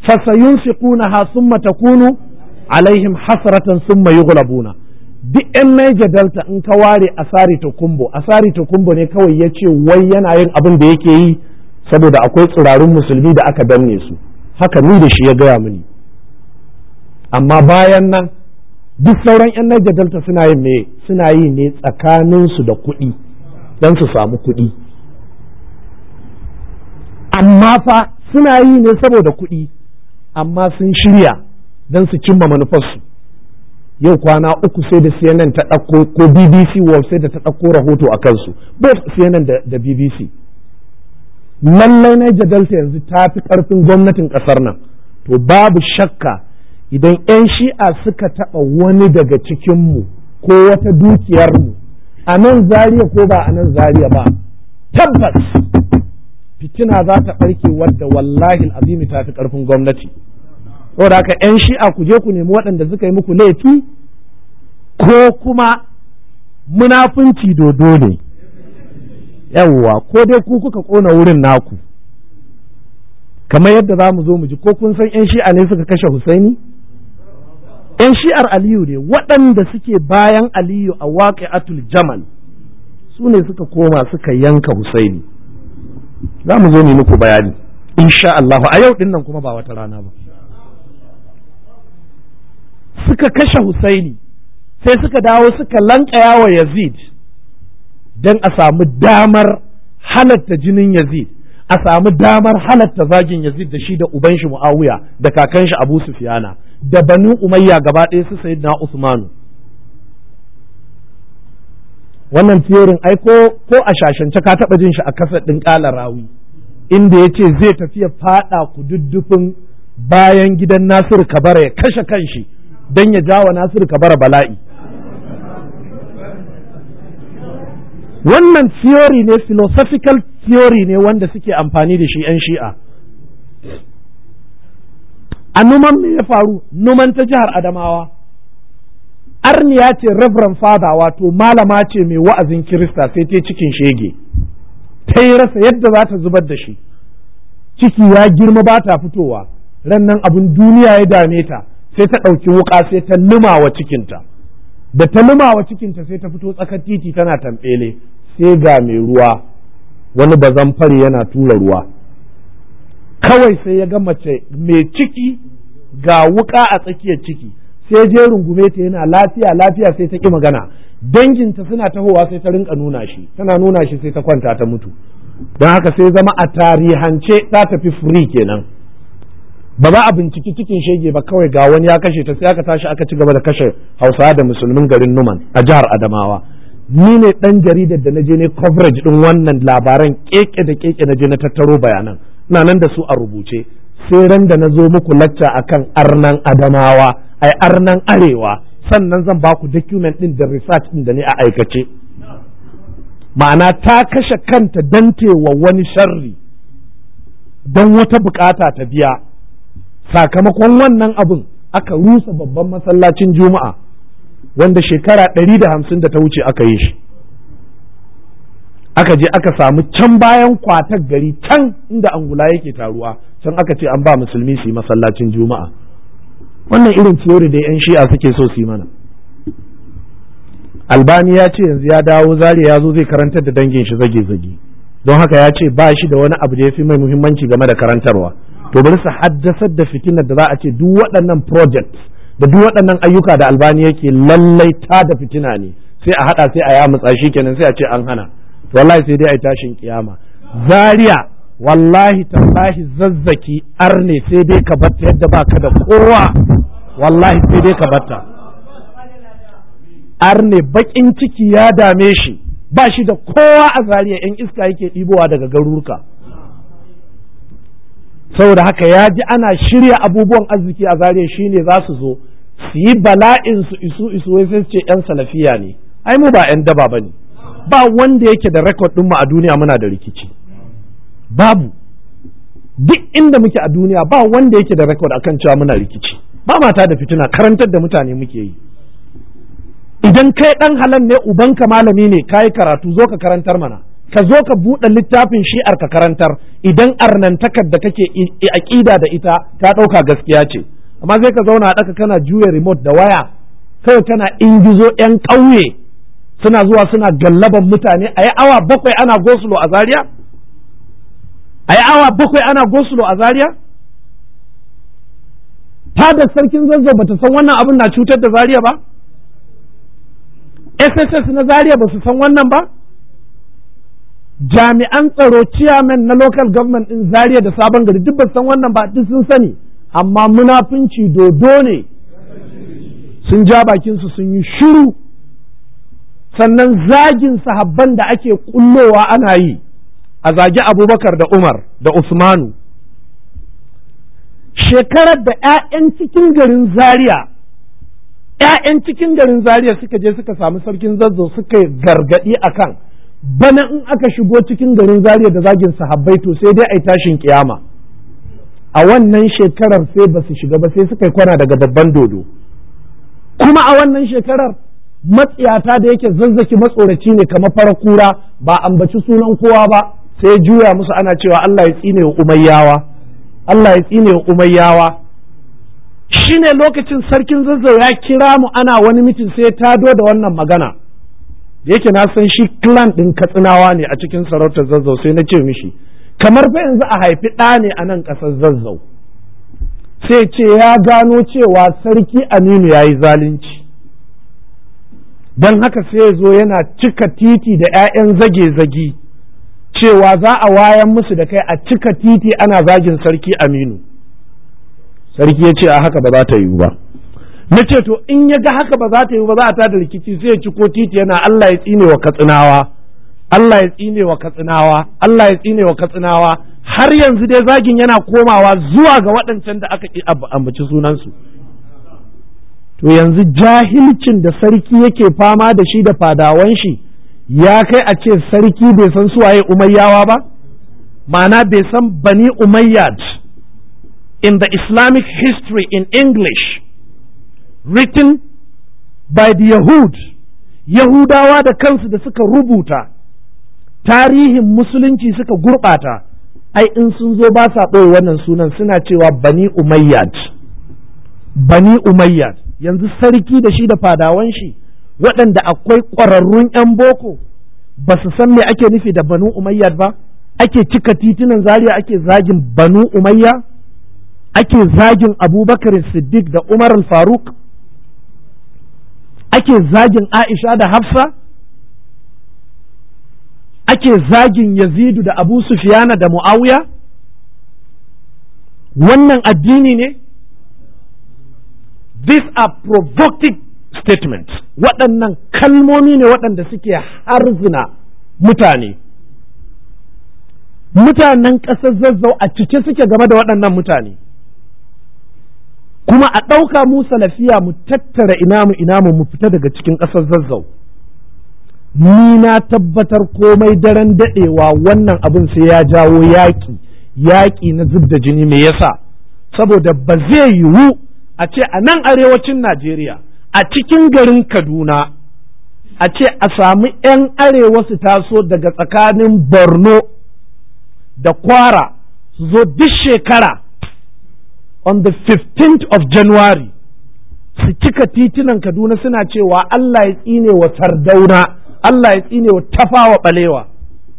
ha thumma matakunu alaihim hasratan thumma yughlabuna duk yan Niger Delta in ka ware Asari Tokumbo Asari kumbo ne kawai ya ce wai yana yin abin da yake yi saboda akwai tsirarun musulmi da aka danne su haka ni da shi ya gaya mini amma bayan nan duk sauran 'yan Niger Delta suna yi ne suna yi ne tsakaninsu da kuɗi don su samu kuɗi amma fa suna yi ne saboda kuɗi amma sun shirya don su cimma manufarsu yau kwana uku sai da CNN ta ɗauko ko BBC World sai da ta ɗauko rahoto a kansu both CNN da BBC lallai na jadalta yanzu ta fi ƙarfin gwamnatin ƙasar nan to babu shakka idan 'yan shi'a suka taɓa wani daga cikinmu ko wata dukiyarmu a nan zariya ko ba a nan zariya ba tabbas fitina za ta ɓarke wadda wallahi azimi ta fi ƙarfin gwamnati saboda haka 'yan shi'a ku je ku nemi waɗanda suka yi muku laifi ko kuma munafunci dodo ne yawwa ko dai ku kuka kona wurin naku kamar yadda za mu zo mu ji ko kun san yan shi'a ne suka kashe husaini yan shi'ar aliyu ne waɗanda suke bayan aliyu a Atul jamal su ne suka koma suka yanka husaini za mu zo ne muku bayani insha Allah a yau dinnan kuma ba wata rana ba suka kashe husaini sai suka dawo suka lankaya wa yazid don a samu damar halatta jinin yazid a samu damar halatta zagin yazid da shi da uban shi muawiya da kakan shi abu sufiyana da banu umayya gaba ɗaya su sayi na usmanu wannan tiyorin ai ko a shashance ka taɓa jin shi a kasar ɗin ƙala rawi inda ya ce zai tafiya faɗa kududdufin bayan gidan nasiru kabara ya kashe kanshi don ya jawa nasiru kabara bala'i wannan theory ne philosophical theory ne wanda suke amfani da shi 'yan shi'a a numan ya faru numan ta jihar adamawa arniya ce reverend father wato malama ce mai wa'azin kirista sai ta cikin shege ta yi rasa yadda za ta zubar da shi ciki ya girma ba ta fitowa rannan abin duniya ya dame ta sai ta ɗauki wuƙa sai ta numawa cikinta da ta lumawa cikinta sai ta fito tsakar titi tana tamɓele sai ga mai ruwa wani bazan fari yana tura ruwa kawai sai ya ga mace mai ciki ga wuka a tsakiyar ciki sai je rungume ta yana lafiya lafiya sai ta ki magana danginta suna tahowa sai ta rinka nuna shi tana nuna shi sai ta kwanta ta mutu don haka sai zama a tarihance ta tafi free kenan ba za a binciki cikin shege ba kawai ga wani ya kashe ta sai aka tashi aka ci gaba da kashe hausa da musulmin garin numan a jihar adamawa ni ne dan jaridar da na je ne coverage din wannan labaran keke da keke na je na tattaro bayanan ina nan da su a rubuce sai ran da na zo muku lacca akan arnan adamawa ai arnan arewa sannan zan ba ku document din da research din da ni a aikace ma'ana ta kashe kanta dantewa wani sharri don wata bukata ta biya sakamakon wannan abin aka rusa babban masallacin juma'a wanda shekara ɗari da hamsin da ta wuce aka yi shi aka je aka samu can bayan kwatar gari can inda angula yake taruwa can aka ce an ba musulmi su yi masallacin juma'a wannan irin theory da 'yan shi'a suke so su yi mana albani ya ce yanzu ya dawo zari ya zo zai karantar da dangin shi zage-zage don haka ya ce ba shi da wani abu da ya fi mai muhimmanci game da karantarwa to bari su haddasar da fitinar da za a ce duk waɗannan project da duk waɗannan ayyuka da albani yake lallai ta da fitina ne sai a haɗa sai a mutsa shi kenan sai a ce an hana to wallahi sai dai a yi tashin kiyama zaria wallahi tallahi zazzaki arne sai dai ka batta yadda baka da kowa wallahi sai dai ka batta arne bakin ciki ya dame shi ba shi da kowa a zariya yan iska yake ɗibowa daga garuruka saboda haka ya ji ana shirya abubuwan arziki a zariya shine za su zo su yi bala'in su isu isu wai sai su ce yan salafiya ne ai mu ba yan daba bane ba wanda yake da rekod din mu a duniya muna da rikici babu duk inda muke a duniya ba wanda yake da rekod akan cewa muna rikici ba mata da fituna karantar da mutane muke yi idan kai dan halal ne uban ka malami ne kai karatu zo ka karantar mana ka zo ka buɗe littafin shi'ar ka karantar idan arnantakar da kake aƙida da ita ta ɗauka gaskiya ce amma sai ka zauna a ɗaka kana juya remote da waya kai kana ingizo 'yan ƙauye suna zuwa suna gallaban mutane a yi awa bakwai ana gosulo a Zariya? a yi awa bakwai ana gosulo a zariya fadar sarkin zazzau ta san wannan abin na cutar da Zariya ba sss na Zariya ba su san wannan ba jami'an tsaro ciyamen na local government din Zariya da Sabon Gari duk ba san wannan ba duk sun sani amma munafunci dodo ne sun ja bakinsu sun yi shiru sannan zagin sahabban da ake kullowa ana yi a zagi Abubakar da Umar da Usmanu shekarar da 'ya'yan cikin garin Zaria ‘ya'yan cikin garin Zariya suka je suka samu sarkin zazzau suka gargaɗi a kan bana in aka shigo cikin garin zariya da zagin sahabbai to sai dai a tashin kiyama a wannan shekarar sai ba su shiga ba sai suka yi kwana daga babban dodo kuma a wannan shekarar matsiyata da yake zazzaki matsoraci ne kamar farar kura ba ambaci sunan kowa ba sai juya musu ana cewa Allah ya tsine wa umayyawa Allah ya tsine wa umayyawa shine lokacin sarkin zazzau ya kira mu ana wani mitin sai ya tado da wannan magana da yake na san shi clan ɗin katsinawa ne a cikin sarautar zazzau sai na ce mishi kamar fa yanzu a haifi ɗa ne a nan ƙasar zazzau sai ce ya gano cewa sarki aminu ya yi zalunci don haka sai zo yana cika titi da 'ya'yan zage-zage cewa za a wayan musu da kai a cika titi ana zagin sarki aminu sarki ya ce a haka ba za ta yiwu ba na ce to in ya ga haka ba za ta yi ba za a tada rikici sai ya ci ko titi yana Allah ya tsine wa katsinawa Allah ya tsine wa katsinawa Allah ya tsine wa katsinawa har yanzu dai zagin yana komawa zuwa ga waɗancan da aka ambaci sunansu to yanzu jahilcin da sarki yake fama da shi da fadawan shi ya kai a ce sarki bai san suwaye umayyawa ba ma'ana bai san bani umayyad in the islamic history in english written by the Yahud, Yahudawa da kansu da suka rubuta tarihin musulunci suka gurɓata, ai in sun zo ba sa ɓoye wannan sunan suna cewa Bani Umayyad. Bani Umayyad, yanzu sarki da shi da fadawan shi, waɗanda akwai ƙwararrun ‘yan boko, ba su san me ake nufi da Banu Umayyad ba, ake cika titunan Zaria ake zagin Banu Umayya, ake zagin Abubakar Siddiq da Umar Faruk. ake zagin Aisha da Hafsa ake zagin Yazidu da Abu Sufyana da Muawiya wannan addini ne these are provocative statements waɗannan kalmomi ne waɗanda suke harzina mutane mutanen ƙasar zazzau a cike suke game da waɗannan mutane kuma a ɗauka mu salafiya mu tattara inamu-inamu mu fita daga cikin ƙasar zazzau ni na tabbatar komai daren daɗewa wannan abin sai ya jawo yaƙi yaƙi na zub da jini me yasa saboda ba zai yiwu a ce a nan arewacin najeriya a cikin garin kaduna a ce a samu 'yan arewa su taso daga tsakanin borno da kwara su zo duk shekara on the 15th of January su cika titunan Kaduna suna cewa Allah ya tsine wa tardauna, Allah ya tsine wa tafawa balewa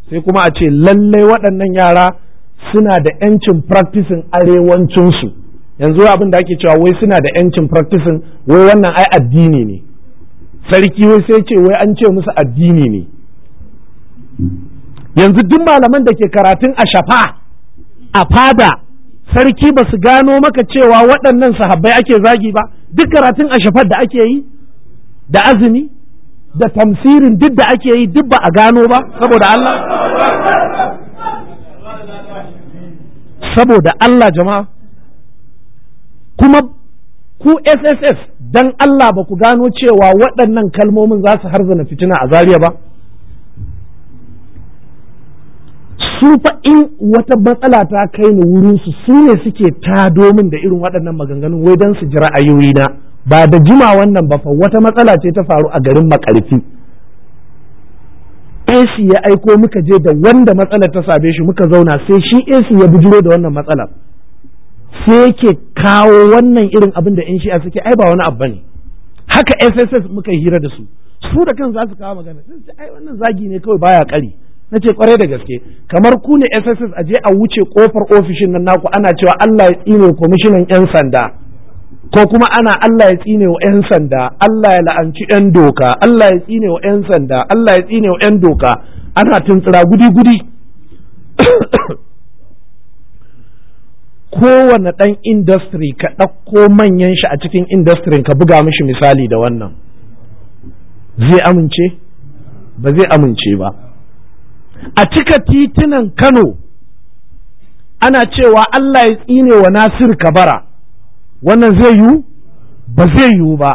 sai kuma a ce lallai waɗannan yara suna da yancin practicing arewancinsu yanzu abin da ake cewa wai suna da yancin practicing wai wannan ai addini ne sarki wai sai ce wai an ce musu addini ne yanzu duk malaman da ke karatun a shafa a fada sarki ba su gano maka cewa waɗannan sahabbai ake zagi ba duk karatun ashafar da ake yi da azumi da tamsirin duk da ake yi duk ba a gano ba saboda Allah saboda Allah jama'a kuma ku SSS dan Allah ba ku gano cewa waɗannan kalmomin za su harzana fitina a zariya ba su fa in wata matsala ta kai ni wurin su su ne suke tado domin da irin waɗannan maganganun wai dan su jira ji na. ba da jima wannan ba fa wata matsala ce ta faru a garin makarfi AC ya aiko muka je da wanda matsalar ta same shi muka zauna sai shi AC ya bujiro da wannan matsalar sai yake kawo wannan irin abin da in shi'a suke ai ba wani abu bane haka SSS muka hira da su su da kan za su kawo magana sai ai wannan zagi ne kawai baya kari na ce kwarai da gaske kamar ku ne sss a je a wuce kofar ofishin nan naku ana cewa allah ya tsine kwamishinan yan sanda ko kuma ana allah ya tsine wa yan sanda allah ya la'anci yan doka allah ya tsine wa yan sanda allah ya tsine wa yan doka ana tuntura gudi gudi [coughs] kowane ɗan industry ka ɗauko manyan shi a cikin industry ka buga mishi misali da wannan zai amince ba zai amince ba a cika titunan Kano ana cewa Allah ya tsine wa Nasir Kabara wannan zai yiwu ba zai yiwu ba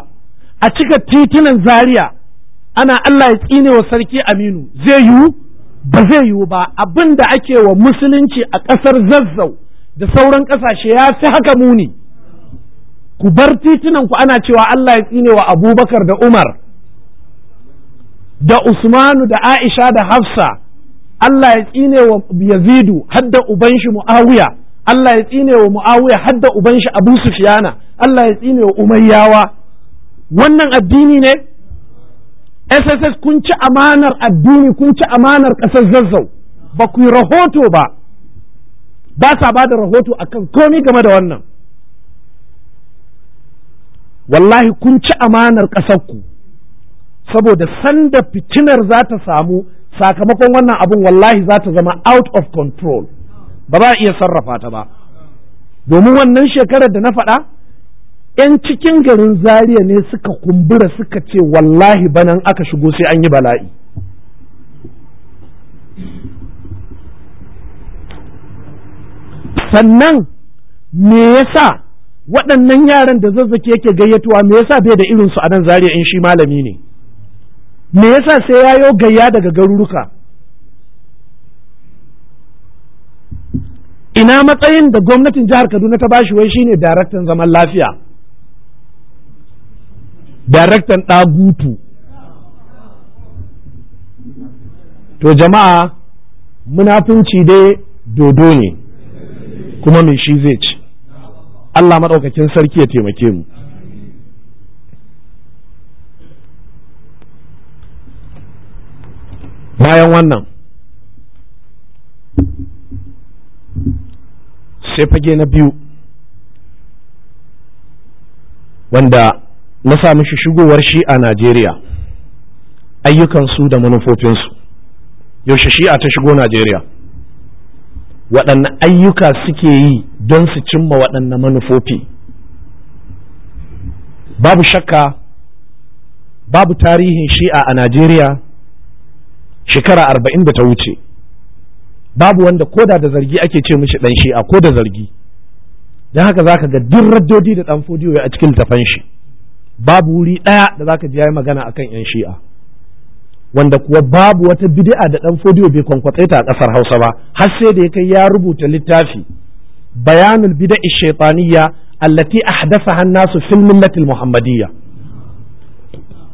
a cika titunan Zaria ana Allah ya tsine wa Sarki Aminu zai yiwu ba zai yiwu ba abin da ake wa musulunci a ƙasar zazzau da sauran ƙasashe ya fi haka muni ku bar titunan ku ana cewa Allah ya tsine wa Abubakar da Umar da Usmanu da Aisha da Hafsa Allah ya tsine wa Yazidu hadda uban shi Muawiya Allah ya tsine wa Muawiya hadda uban shi Abu Sufyana Allah ya tsine wa Umayyawa wannan addini ne SSS kun ci amanar addini kun ci amanar ƙasar zazzau ba ku yi rahoto ba ba sa ba da rahoto akan komi game da wannan wallahi kun ci amanar ƙasarku saboda sanda fitinar za ta samu sakamakon wannan abun wallahi za ta zama out of control ba za a iya sarrafa ta ba domin wannan shekarar da na faɗa 'yan cikin garin zaria ne suka kumbura suka ce wallahi banan aka shigo sai an yi bala'i sannan me yasa waɗannan yaran da zazzaki yake gayyatuwa me yasa bai da irinsu a nan Zariya in shi malami ne me yasa sai ya yayo gayya daga garuruka ina matsayin da gwamnatin jihar kaduna ta bashi wai shine daraktan zaman lafiya daraktan ɗagutu to jama'a munafunci dai dodo ne kuma mai shi zai ci Allah maɗaukakin sarki ya taimake mu bayan wannan sai fage na biyu wanda na sa mishi shigowar shi a Najeriya ayyukansu da manufofinsu yaushe shi'a ta shigo Najeriya waɗanne ayyuka suke yi don su cimma waɗanne manufofi babu shakka babu tarihin shi'a a Najeriya shekara arba'in da ta wuce babu wanda koda da zargi ake ce mishi dan shi'a ko da zargi don haka zaka ga duk raddodi da dan fodiyo a cikin tafan shi babu wuri ɗaya da zaka ji yayi magana akan yan shi'a wanda kuwa babu wata bid'a da dan fodiyo bai kwankwatsai ta a kasar Hausa ba har sai da ya kai ya rubuta littafi bayanul bid'a shaytaniyya allati ahdathaha an-nasu fil millati al-muhammadiyya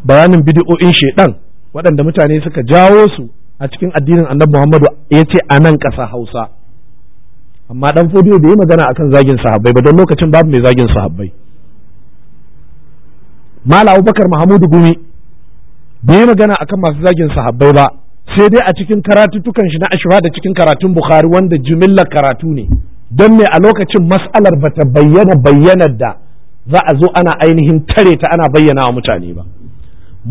bayanin bid'o'in shaytan waɗanda mutane suka jawo su a cikin addinin annabi Muhammadu ya ce a nan ƙasa Hausa amma ɗan fodiyo bai yi magana a kan zagin sahabbai ba don lokacin babu mai zagin sahabbai mala Abubakar Mahamudu Gumi bai yi magana a kan masu zagin sahabbai ba sai dai a cikin karatutukan shi na ashura da cikin karatun Bukhari wanda jimillar karatu ne don me a lokacin mas'alar bata bayyana bayyanar da za a zo ana ainihin tare ta ana bayyana wa mutane ba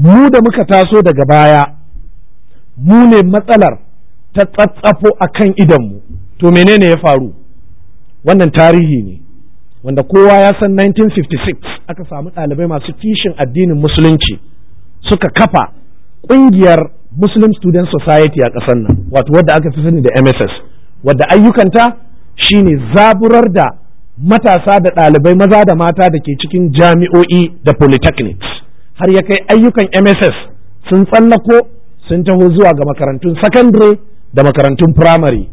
mu da muka taso daga baya mu ne matsalar ta tsatsafo a kan idanmu to menene ya faru wannan tarihi ne wanda kowa ya san 1956 aka samu ɗalibai masu kishin addinin musulunci suka kafa ƙungiyar muslim student society a ƙasar nan wato wadda aka fi sani da mss wadda ayyukanta shine zaburar da matasa da ɗalibai maza da mata da ke cikin jami'o'i da polytechnics har ya kai ayyukan MSS sun tsallako sun taho zuwa ga makarantun secondary da makarantun primary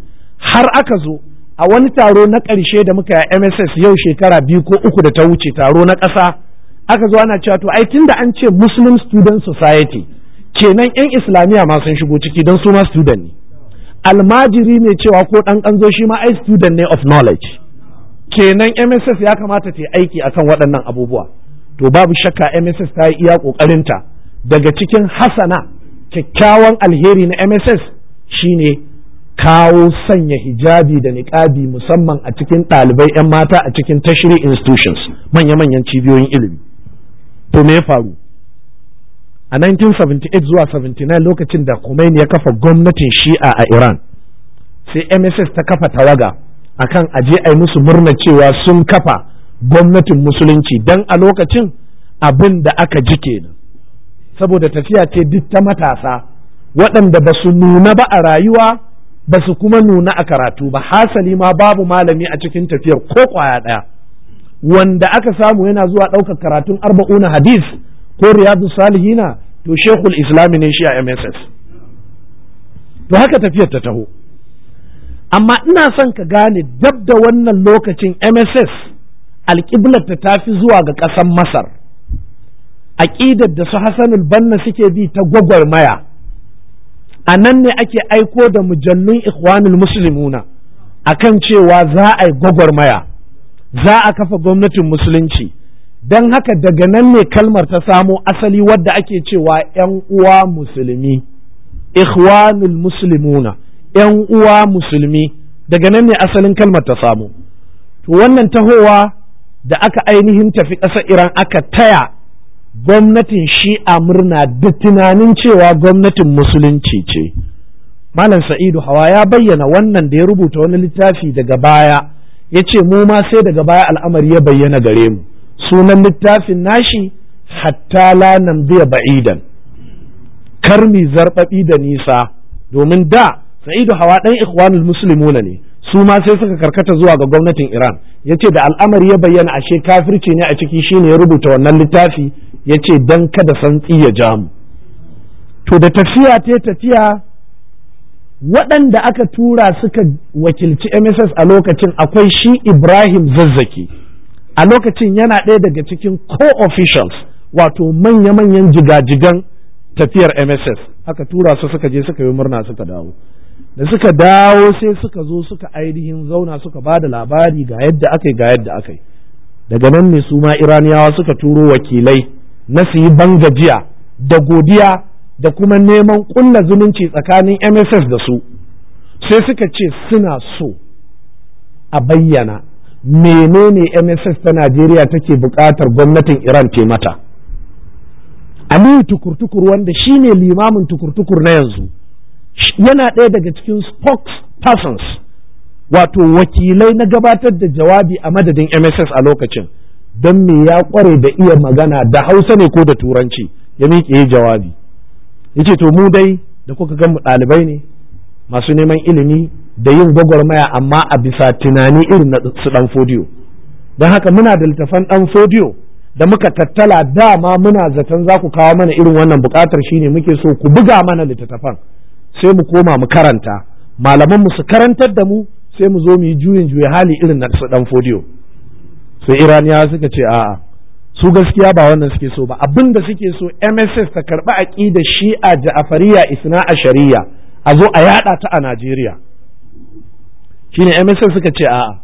har aka zo a wani taro na ƙarshe da muka yi MSS yau shekara biyu ko uku da ta wuce taro na ƙasa aka zo ana cewa to ai tunda an ce Muslim Student Society kenan 'yan Islamiyya ma sun shigo ciki don suma ma student ne almajiri ne cewa ko ɗan ƙanzo shi ma ai student ne of knowledge kenan MSS ya kamata ta yi aiki akan waɗannan abubuwa to babu shakka MSS ta yi iya ƙoƙarinta daga cikin hasana kyakkyawan alheri na MSS shine kawo sanya hijabi da niƙabi musamman a cikin ɗalibai 'yan mata a cikin tashiri institutions manya-manyan cibiyoyin ilimi to me ya faru a 1978 zuwa 79 lokacin da Khomeini ya kafa gwamnatin shi'a a Iran sai MSS ta kafa tawaga akan aje a yi musu murna cewa sun kafa gwamnatin musulunci don a lokacin abin da aka ji kenan saboda tafiya ce duk ta matasa waɗanda ba su nuna ba a rayuwa ba su kuma nuna a karatu ba hasali ma babu malami a cikin tafiyar ko kwaya ɗaya wanda aka samu yana zuwa ɗaukar karatun arba'una hadis ko riyadu salihina to shekul islami ne shi a mss to haka tafiyar ta taho amma ina son ka gane dab da wannan lokacin mss alƙiblar ta fi zuwa ga ƙasar masar aƙidar da su hasanul banna suke bi ta gwagwarmaya a nan ne ake aiko da mujallun ikhwanul muslimuna akan cewa za a yi gwagwarmaya za a kafa gwamnatin musulunci don haka daga nan ne kalmar ta samo asali wadda ake cewa ‘yan uwa musulmi ikhwanul muslimuna ‘yan uwa musulmi daga nan ne asalin kalmar ta samo to wannan tahowa da aka ainihin tafi ƙasa iran aka taya gwamnatin shi'a murna da tunanin cewa gwamnatin musulunci ce malam sa'idu hawa ya bayyana wannan da ya rubuta wani littafi daga baya ya ce mu ma sai daga baya al'amari ya bayyana gare mu sunan littafin nashi hatta lanan biya ba'idan karmi zarbabi da nisa domin da sa'idu hawa ɗan ikhwanul musulmuna ne su ma sai suka karkata zuwa ga gwamnatin Iran ya ce da al'amari ya bayyana ashe kafirci ne a ciki shine ya rubuta wannan littafi ya ce don kada santsi ya jamu. to da tafiya ta tafiya waɗanda aka tura suka wakilci MSS a lokacin akwai shi Ibrahim Zazzaki a lokacin yana ɗaya daga cikin co-officials wato manya-manyan jigan tafiyar MSS aka tura su suka je suka yi murna suka dawo da suka dawo sai suka zo suka ainihin zauna suka ba da labari ga yadda aka yi ga yadda aka yi daga nan ne su ma iraniyawa suka turo wakilai na su yi bangajiya da godiya da kuma neman ƙulla zumunci tsakanin mss da su sai suka ce suna so a bayyana menene mss ta najeriya take buƙatar gwamnatin iran ce mata aliyu tukurtukur wanda shi ne limamin tukurtukur na yanzu yana ɗaya daga cikin spokespersons wato wakilai na gabatar da jawabi a madadin MSS a lokacin don me ya kware da iya magana da hausa ne ko da turanci ya miƙe yi jawabi ya ce to mu dai da kuka gan mu ɗalibai ne masu neman ilimi da yin gwagwarmaya amma a bisa tunani irin na su ɗan fodiyo don haka muna da littafan ɗan fodiyo da muka tattala dama muna zaton za ku kawo mana irin wannan buƙatar shine muke so ku buga mana littattafan sai mu koma mu karanta malaman mu su karantar da mu sai mu zo mu yi juyin juya hali irin na su dan fodiyo sai iraniya suka ce a'a su gaskiya ba wannan suke so ba abin da suke so mss ta karɓi aqida shi'a ja'afariya isna a shari'a a zo a yada ta a najeriya shine mss suka ce a'a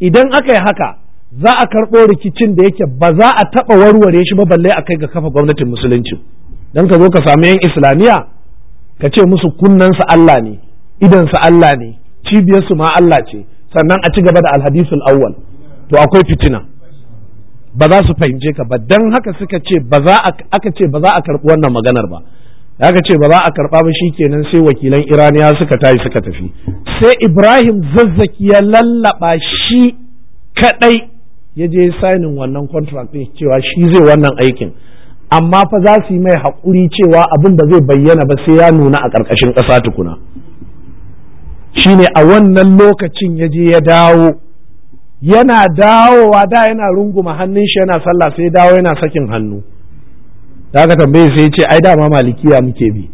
idan aka yi haka za a karɓo rikicin da yake ba za a taɓa warware shi ba balle a kai ga kafa gwamnatin musulunci don ka zo ka samu yan islamiyya ka ce musu kunnansa Allah ne idansa Allah ne cibiyarsu ma Allah ce sannan a ci gaba da alhadisul awwal to akwai fitina ba za su fahimce ka ba dan haka suka ce ba za aka ce ba za a karɓi wannan maganar ba aka ce ba za a karɓa ba shikenan sai wakilan iraniya suka tayi suka tafi sai ibrahim zazzaki ya lallaba shi kadai ya je sainin wannan contract din cewa shi zai wannan aikin amma fa za su yi mai haƙuri cewa abin ba zai bayyana ba sai ya nuna a ƙarƙashin ƙasa tukuna Shi ne a wannan lokacin ya je ya dawo yana dawowa da yana runguma hannun shi yana sallah sai dawo yana sakin hannu da aka tambaye sai ce ai dama malikiya muke bi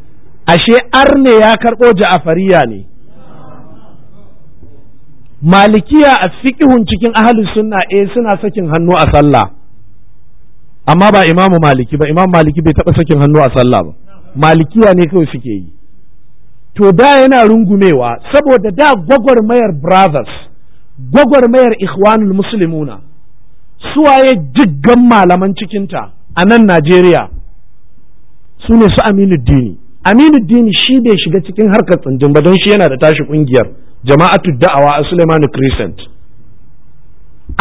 ashe arne ya karɓo ja'afariya ne malikiya a fiƙihun cikin ahalus sunna eh suna sakin hannu a sallah amma ba imamu maliki ba imam maliki bai taɓa sakin hannu a sallah ba malikiya ne kawai suke yi to da yana rungumewa saboda da gwagwarmayar brothers gwagwarmayar ikhwanul muslimuna suwaye jiggan malaman cikinta a nan najeriya su ne su aminu dini aminu dini shi bai shiga cikin harkar tsinjin ba don shi yana da tashi kungiyar jama'atu da'awa a suleimanu crescent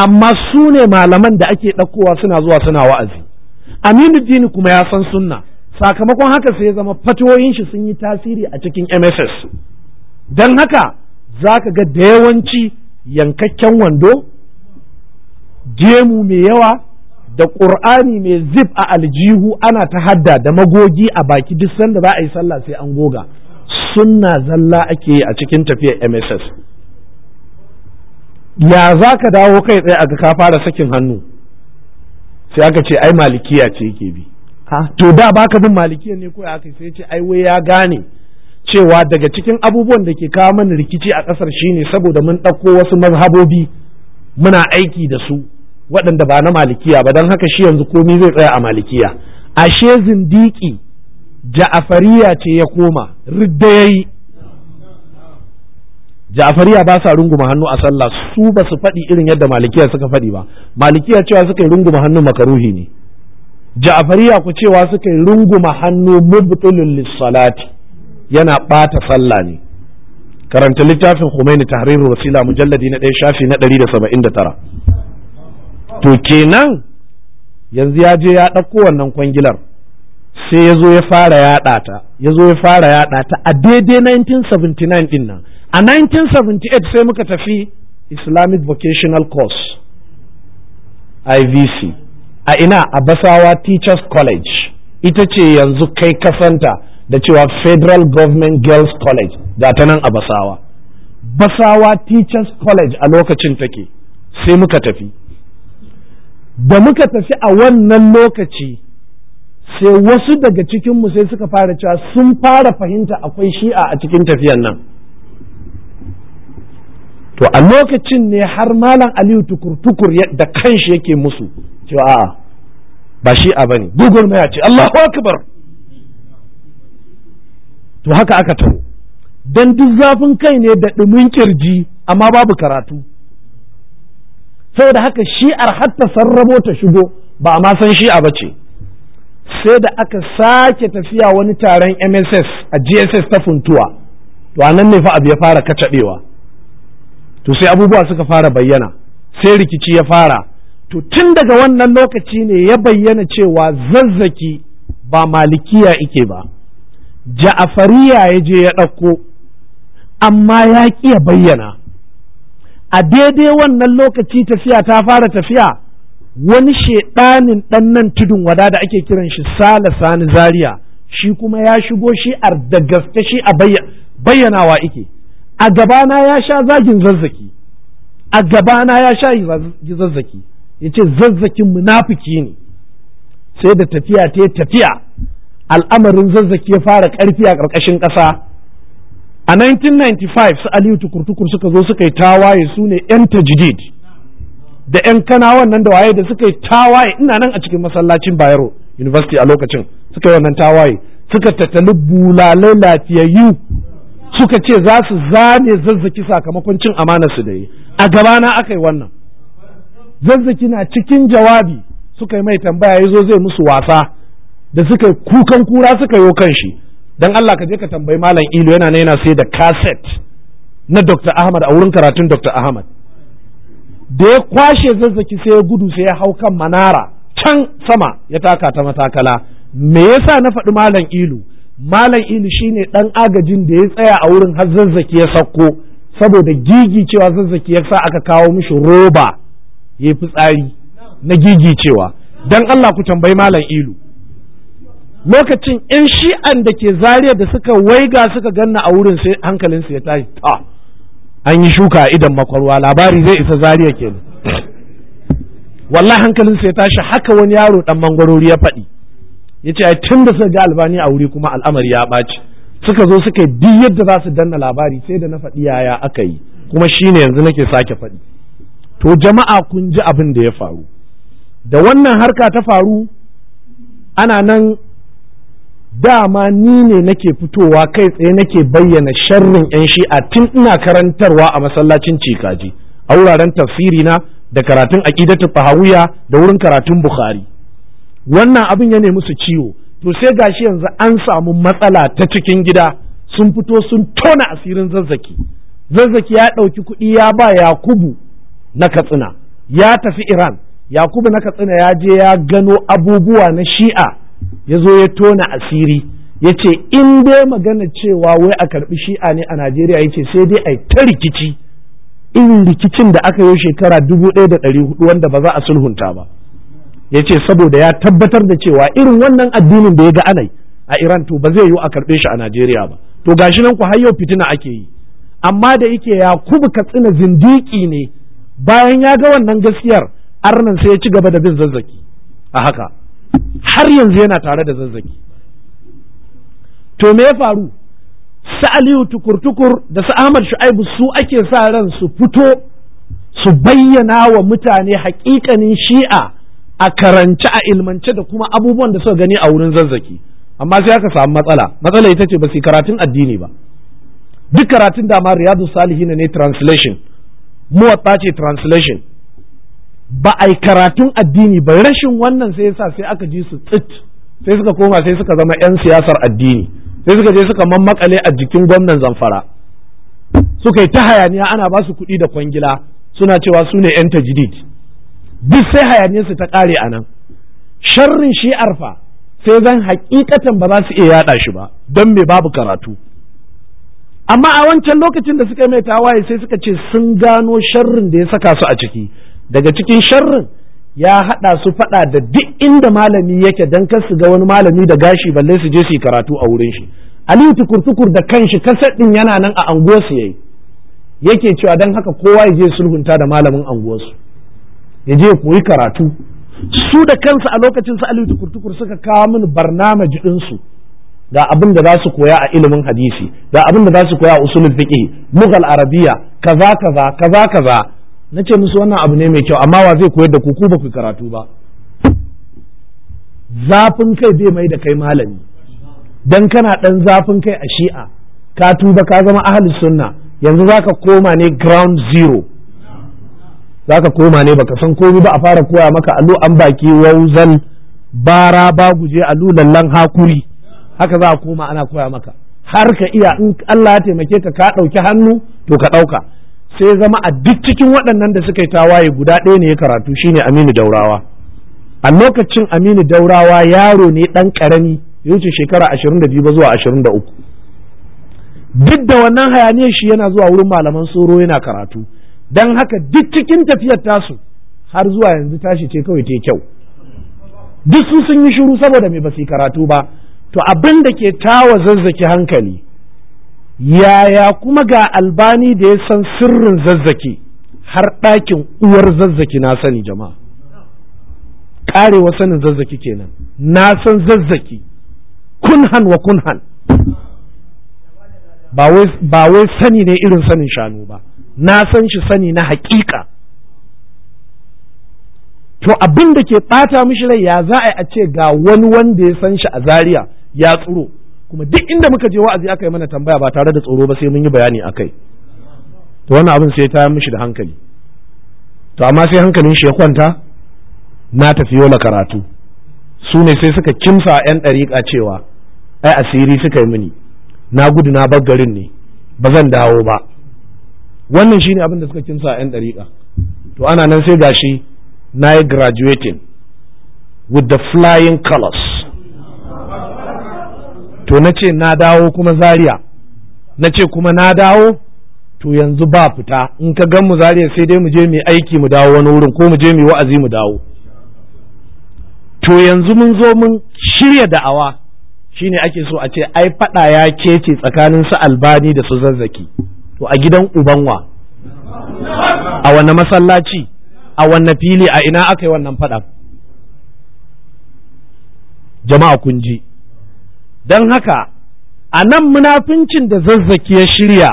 amma su ne malaman da ake ɗaukowa suna zuwa suna wa'azi aminu dini kuma ya san sunna sakamakon haka sai ya zama fatoyin shi sun yi tasiri a cikin mss don haka za ka ga da yawanci yankakken wando jemu mai yawa da ƙur'ani mai zip a aljihu ana ta hadda da magogi a baki duk sanda za a yi sallah sai an goga sunna zalla ake yi a cikin tafiyar mss ya za ka dawo kai tsaye a ka fara sakin hannu sai aka ce ai malikiya ce yake bi to da baka bin malikiya ne ko aka sai ce ai wai ya gane cewa daga cikin abubuwan da ke kawo mana rikici a ƙasar shine saboda mun ɗauko wasu mazhabobi muna aiki da su waɗanda ba na malikiya ba don haka shi yanzu komi zai tsaya a malikiya ashe zindiki ja'afariya ce ya koma ridda ya yi. Ja'afariya ba sa runguma hannu a sallah su ba su faɗi irin yadda malikiya suka faɗi ba malikiya cewa suka yi runguma hannu makaruhi ne Ja'afariya ku cewa suka yi runguma hannu mubtulul lissalati yana ɓata sallah ne karanta littafin Khomeini tahrirul wasila mujalladi na ɗaya shafi na ɗari da saba'in to kenan yanzu ya je ya ɗauko wannan kwangilar sai ya zo ya fara yaɗa ta ya zo ya fara yaɗa ta a daidai 1979 ɗin nan a 1978 sai muka tafi islamic vocational course ivc a ina a basawa teachers college ita ce yanzu kai kasanta da cewa federal government girls college Da ta nan a basawa basawa teachers college a lokacin take sai muka tafi da muka tafi a wannan lokaci sai wasu daga cikinmu sai suka fara cewa sun fara fahimta akwai shi'a a cikin tafiyan nan to a lokacin ne har malam aliyu tukur-tukur da kanshi yake musu cewa a'a ba shi a bane gugur maya ce Allahu akbar to haka aka taro Don duk zafin kai ne da ɗumin kirji amma babu karatu saboda haka shi'ar hatta sarrabo ta shigo ba a ma san shi'a ba ce sai da aka sake tafiya wani taron mss a gss ta funtuwa to a nan ne fa abu ya fara kacaɓewa to sai abubuwa suka fara bayyana sai rikici ya fara to tun daga wannan lokaci ne ya bayyana cewa zazzaki ba malikiya ike ba ja'afariya ya je ya ɗauko amma ya ƙi ya bayyana a daidai wannan lokaci tafiya ta fara tafiya wani shaɗanin ɗan nan tudun wada da ake kiran shi sala sani Zariya, shi kuma ya shigo shi a da gaske shi a bayyanawa ike a gabana ya sha zagin zazzaki a gabana ya sha zazzaki ya ce zazzakin munafiki ne sai da tafiya ta yi tafiya al'amarin zazzaki ya fara karfi a ƙarƙashin ƙasa a 1995 su aliyu tukurtukur suka zo suka yi tawaye su ne 'yan tajidid da 'yan kana wannan da waye da suka yi tawaye ina nan a cikin masallacin bayero university a lokacin suka yi wannan tawaye suka tattali bulalai lafiyayyu suka ce za su zane zazzaki sakamakon cin amana su da yi a gabana aka yi wannan zazzaki na cikin jawabi suka yi mai tambaya ya zo zai musu wasa da suka kukan kura suka yo kan shi don Allah ka je ka tambayi malam Ilo yana ne yana sai da cassette na Dr. Ahmad a wurin karatun Dr. Ahmad da ya kwashe zazzaki sai ya gudu sai ya hau kan manara can sama ya taka ta matakala me yasa na faɗi malam Ilo. malam shi shine ɗan agajin da ya tsaya a wurin har zazzaki ya sakko saboda gigi zazzaki ya sa aka kawo mishi roba ya fitsari na gigicewa. cewa dan Allah ku tambayi malam ilu lokacin in shi'an da ke zariya da suka waiga suka ganna a wurin sai hankalinsu ya tashi ta an yi shuka a idan makwarwa labari zai isa zariya kenan wallahi hankalinsu ya tashi haka wani yaro ɗan mangwarori ya faɗi yace ai tun da suka ga albani a wuri kuma al'amari ya ɓaci suka zo suka yi duk yadda za su danna labari sai da na faɗi yaya aka yi kuma shine yanzu nake sake faɗi to jama'a kun ji abin da ya faru da wannan harka ta faru ana nan dama ni ne nake fitowa kai tsaye nake bayyana sharrin 'yan shi'a tun ina karantarwa a masallacin cikaji a wuraren tafsirina da karatun aqidatul fahawiya da wurin karatun bukhari wannan abin ya nemi su ciwo to sai gashi yanzu an samu matsala ta cikin gida sun fito sun tona asirin zazzaki zazzaki ya ɗauki kuɗi ya ba yakubu na katsina ya tafi iran yakubu na katsina ya je ya gano abubuwa na shi'a ya zo ya tona asiri ya ce in dai magana cewa wai a karɓi shi'a ne a najeriya ya ce sai dai a ta rikici in rikicin da aka yi shekara dubu ɗaya da ɗari hudu wanda ba za a sulhunta ba ya ce saboda ya tabbatar da cewa irin wannan addinin da ya ga anai a iran to ba zai yiwu a karɓe shi a najeriya ba to gashi nan ku har yau fitina ake yi amma da yake ya kubu katsina zindiki ne bayan ya ga wannan gaskiyar arnan sai ya ci gaba da bin zazzaki a haka har yanzu yana tare da zazzaki to me ya faru su aliyu tukur-tukur da su ahmad shu'aibu su ake sa ran su fito su bayyana wa mutane hakikanin shi'a a karance a ilmance da kuma abubuwan da suka gani a wurin zazzaki amma sai aka samu matsala matsala ita ce ba su karatun addini ba duk karatun da ma riyadu salihin ne translation muwatta ce translation ba a karatun addini ba rashin wannan sai yasa sai aka ji su tsit sai suka koma sai suka zama 'yan siyasar addini sai suka je suka mammakale a jikin gwamnan zamfara suka yi ta hayaniya ana ba su kuɗi da kwangila suna cewa su ne 'yan tajdid duk sai hayaniyarsu ta ƙare a nan sharrin shi arfa sai zan hakikatan ba za su iya yada shi ba don me babu karatu amma a wancan lokacin da suka mai tawaye sai suka ce sun gano sharrin da ya saka su a ciki daga cikin sharrin ya haɗa su faɗa da duk inda malami yake dan kar su ga wani malami da gashi balle su je su yi karatu a wurin shi aliyu tukur-tukur da kanshi kasar ɗin yana nan a anguwarsu yayi yake cewa don haka kowa ya sulhunta da malamin anguwarsu ya je koyi karatu su da kansu a lokacin su alitu kurtukur suka kawo mini barnamaji ɗinsu ga abin da za su koya a ilimin hadisi ga abin da za su koya a usulul fiqh lugal arabiya kaza kaza kaza kaza nace musu wannan abu ne mai kyau amma wa zai koyar da ku ku ba ku karatu ba zafin kai bai mai da kai malami dan kana dan zafin kai a shi'a ka tuba ka zama ahlus sunna yanzu zaka koma ne ground zero za ka koma ne baka san komi ba a fara koya maka allo an baki wauzan bara ba guje allo lallan hakuri haka za a koma ana koya maka har ka iya in Allah ya taimake ka ka ɗauki hannu to ka ɗauka sai zama a duk cikin waɗannan da suka yi tawaye guda ɗaya ne ya karatu shine Aminu Daurawa a lokacin Aminu Daurawa yaro ne ɗan karami ya wuce shekara ashirin da ba zuwa ashirin duk da wannan hayaniyar shi yana zuwa wurin malaman soro yana karatu don haka duk cikin tafiyar tasu har zuwa yanzu tashi ce kawai ta kyau duk su sun yi shiru saboda mai basi karatu ba to abin da ke tawa zazzaki hankali yaya kuma ga albani da ya san sirrin zazzaki har ɗakin uwar zazzaki na sani jama'a ƙarewa sanin zazzaki kenan na san zazzaki kunhan wa kunhan ba wai sani ne irin sanin shanu ba na san shi sani na haƙiƙa to abin da ke ɓata mishi rai ya za a yi ce ga wani wanda ya san shi a Zariya ya tsoro kuma duk inda muka je wa'azi aka yi mana tambaya ba tare da tsoro ba sai mun yi bayani a kai to wannan abin sai ta mishi da hankali to amma sai hankalin shi ya kwanta na tafi yola karatu su ne sai suka kimsa yan ɗariƙa cewa ai asiri suka yi mini na gudu na bar garin ne ba zan dawo ba wannan shine abin da suka kinsa a 'yan ɗariƙa to ana nan sai gashi na yi graduating with the flying colors to na ce na dawo kuma zaria na ce kuma na dawo to yanzu ba fita in ka gan mu zaria sai dai mu je mu aiki mu dawo wani wurin ko mu je mu wa'azi mu dawo to yanzu mun zo mun shirya da'awa shine ake so a ce ai faɗa ya kece tsakanin su albani da su zazzaki to a gidan ubanwa a wanne masallaci a wanne fili a ina aka yi wannan faɗan jama'a kunji. ji don haka a nan munafincin da zazzaki ya shirya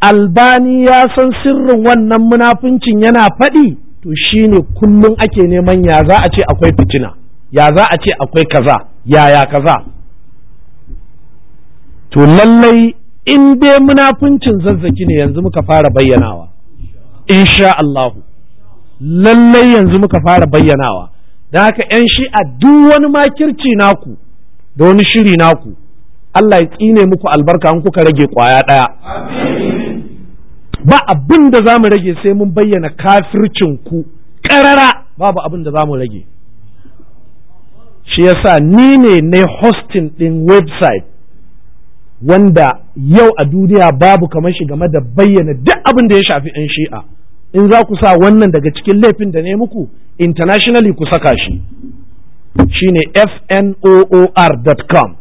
albani ya san sirrin wannan munafincin yana faɗi to shine kullum ake neman ya za a ce akwai fitina ya za a ce akwai kaza yaya kaza to lallai in dai munafuncin zazzaki ne yanzu muka fara bayyanawa insha Allahu lallai yanzu muka fara bayyanawa da haka ‘yan shi'a duk wani makirci naku da wani shiri naku Allah ya tsine muku albarka in kuka rage ƙwaya ɗaya ba abin da za mu rage sai mun bayyana kafircin ku ƙarara babu abin da za mu rage shi yasa ni ne na hosting ɗin website wanda yau a duniya babu kamar shi game da bayyana duk abin da ya shafi 'yan shi'a in za ku sa wannan daga cikin laifin da ne muku internationally ku saka shi shine fnoor.com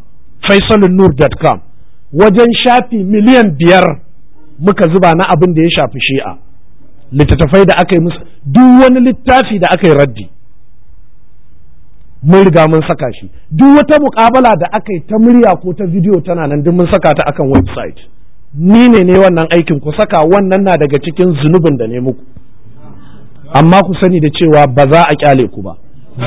faisalunur.com wajen shafi miliyan biyar muka zuba na abin da ya shafi shi'a littattafai da aka yi musu duk wani littafi da aka yi raddi mun riga mun saka shi duk wata muƙabala da aka yi ta murya ko ta bidiyo tana nan duk mun saka ta akan website ni ne ne wannan aikin ku saka wannan na daga cikin zunubin da ne muku amma ku sani da cewa ba za a kyale ku ba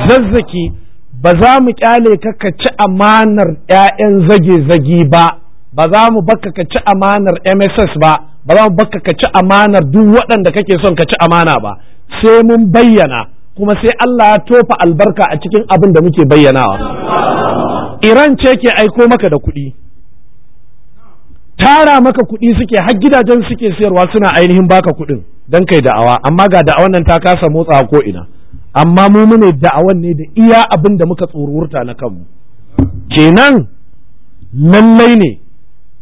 zazzaki ba za mu kyale ka ka ci amanar 'ya'yan zage zagi ba ba za mu baka ka ci amanar MSS ba ba za mu baka ka ci amanar duk waɗanda kake son ka ci amana ba sai mun bayyana kuma sai Allah ya tofa albarka a cikin abin da muke bayyanawa Iran ce ke aiko maka da kuɗi tara maka kuɗi suke har gidajen suke sayarwa suna ainihin baka kuɗin don kai da'awa amma ga da'awan nan ta kasa motsa ko ina amma mu mune da'awan ne da iya abin da muka tsoruwurta na kanmu kenan lallai ne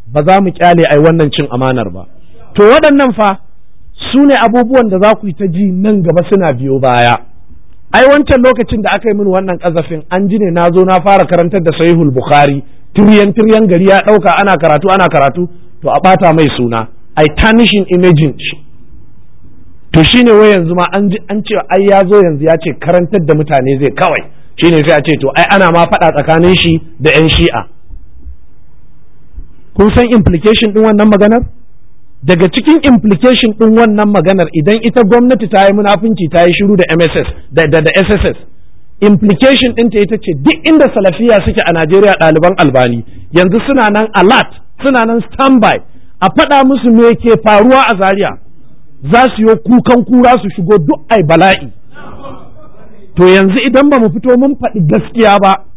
ba za mu kyale ai wannan cin amanar ba to waɗannan fa su ne abubuwan da za ku yi ta ji nan gaba suna biyo baya ai wancan lokacin da aka yi mini wannan kazafin an ji ne na zo na fara karantar da sahihul bukhari turiyan turiyan gari ya ɗauka ana karatu ana karatu to a bata mai suna ai tanishin imejin shi to shine wai yanzu ma an ji an ce ai ya zo yanzu ya ce karantar da mutane zai kawai shine sai a ce to ai ana ma faɗa tsakanin shi da yan shi'a kun san implication ɗin wannan maganar daga cikin implication ɗin wannan maganar idan ita gwamnati ta yi munafunci ta yi shiru da MSS da, da, da SSS implication ɗinta ita ce duk inda salafiya suke a Najeriya ɗaliban albani yanzu suna nan alert suna nan standby a faɗa musu me ke faruwa a Zaria za su yi kukan kura su shigo duk ai bala'i to yanzu idan ba mu fito mun faɗi gaskiya ba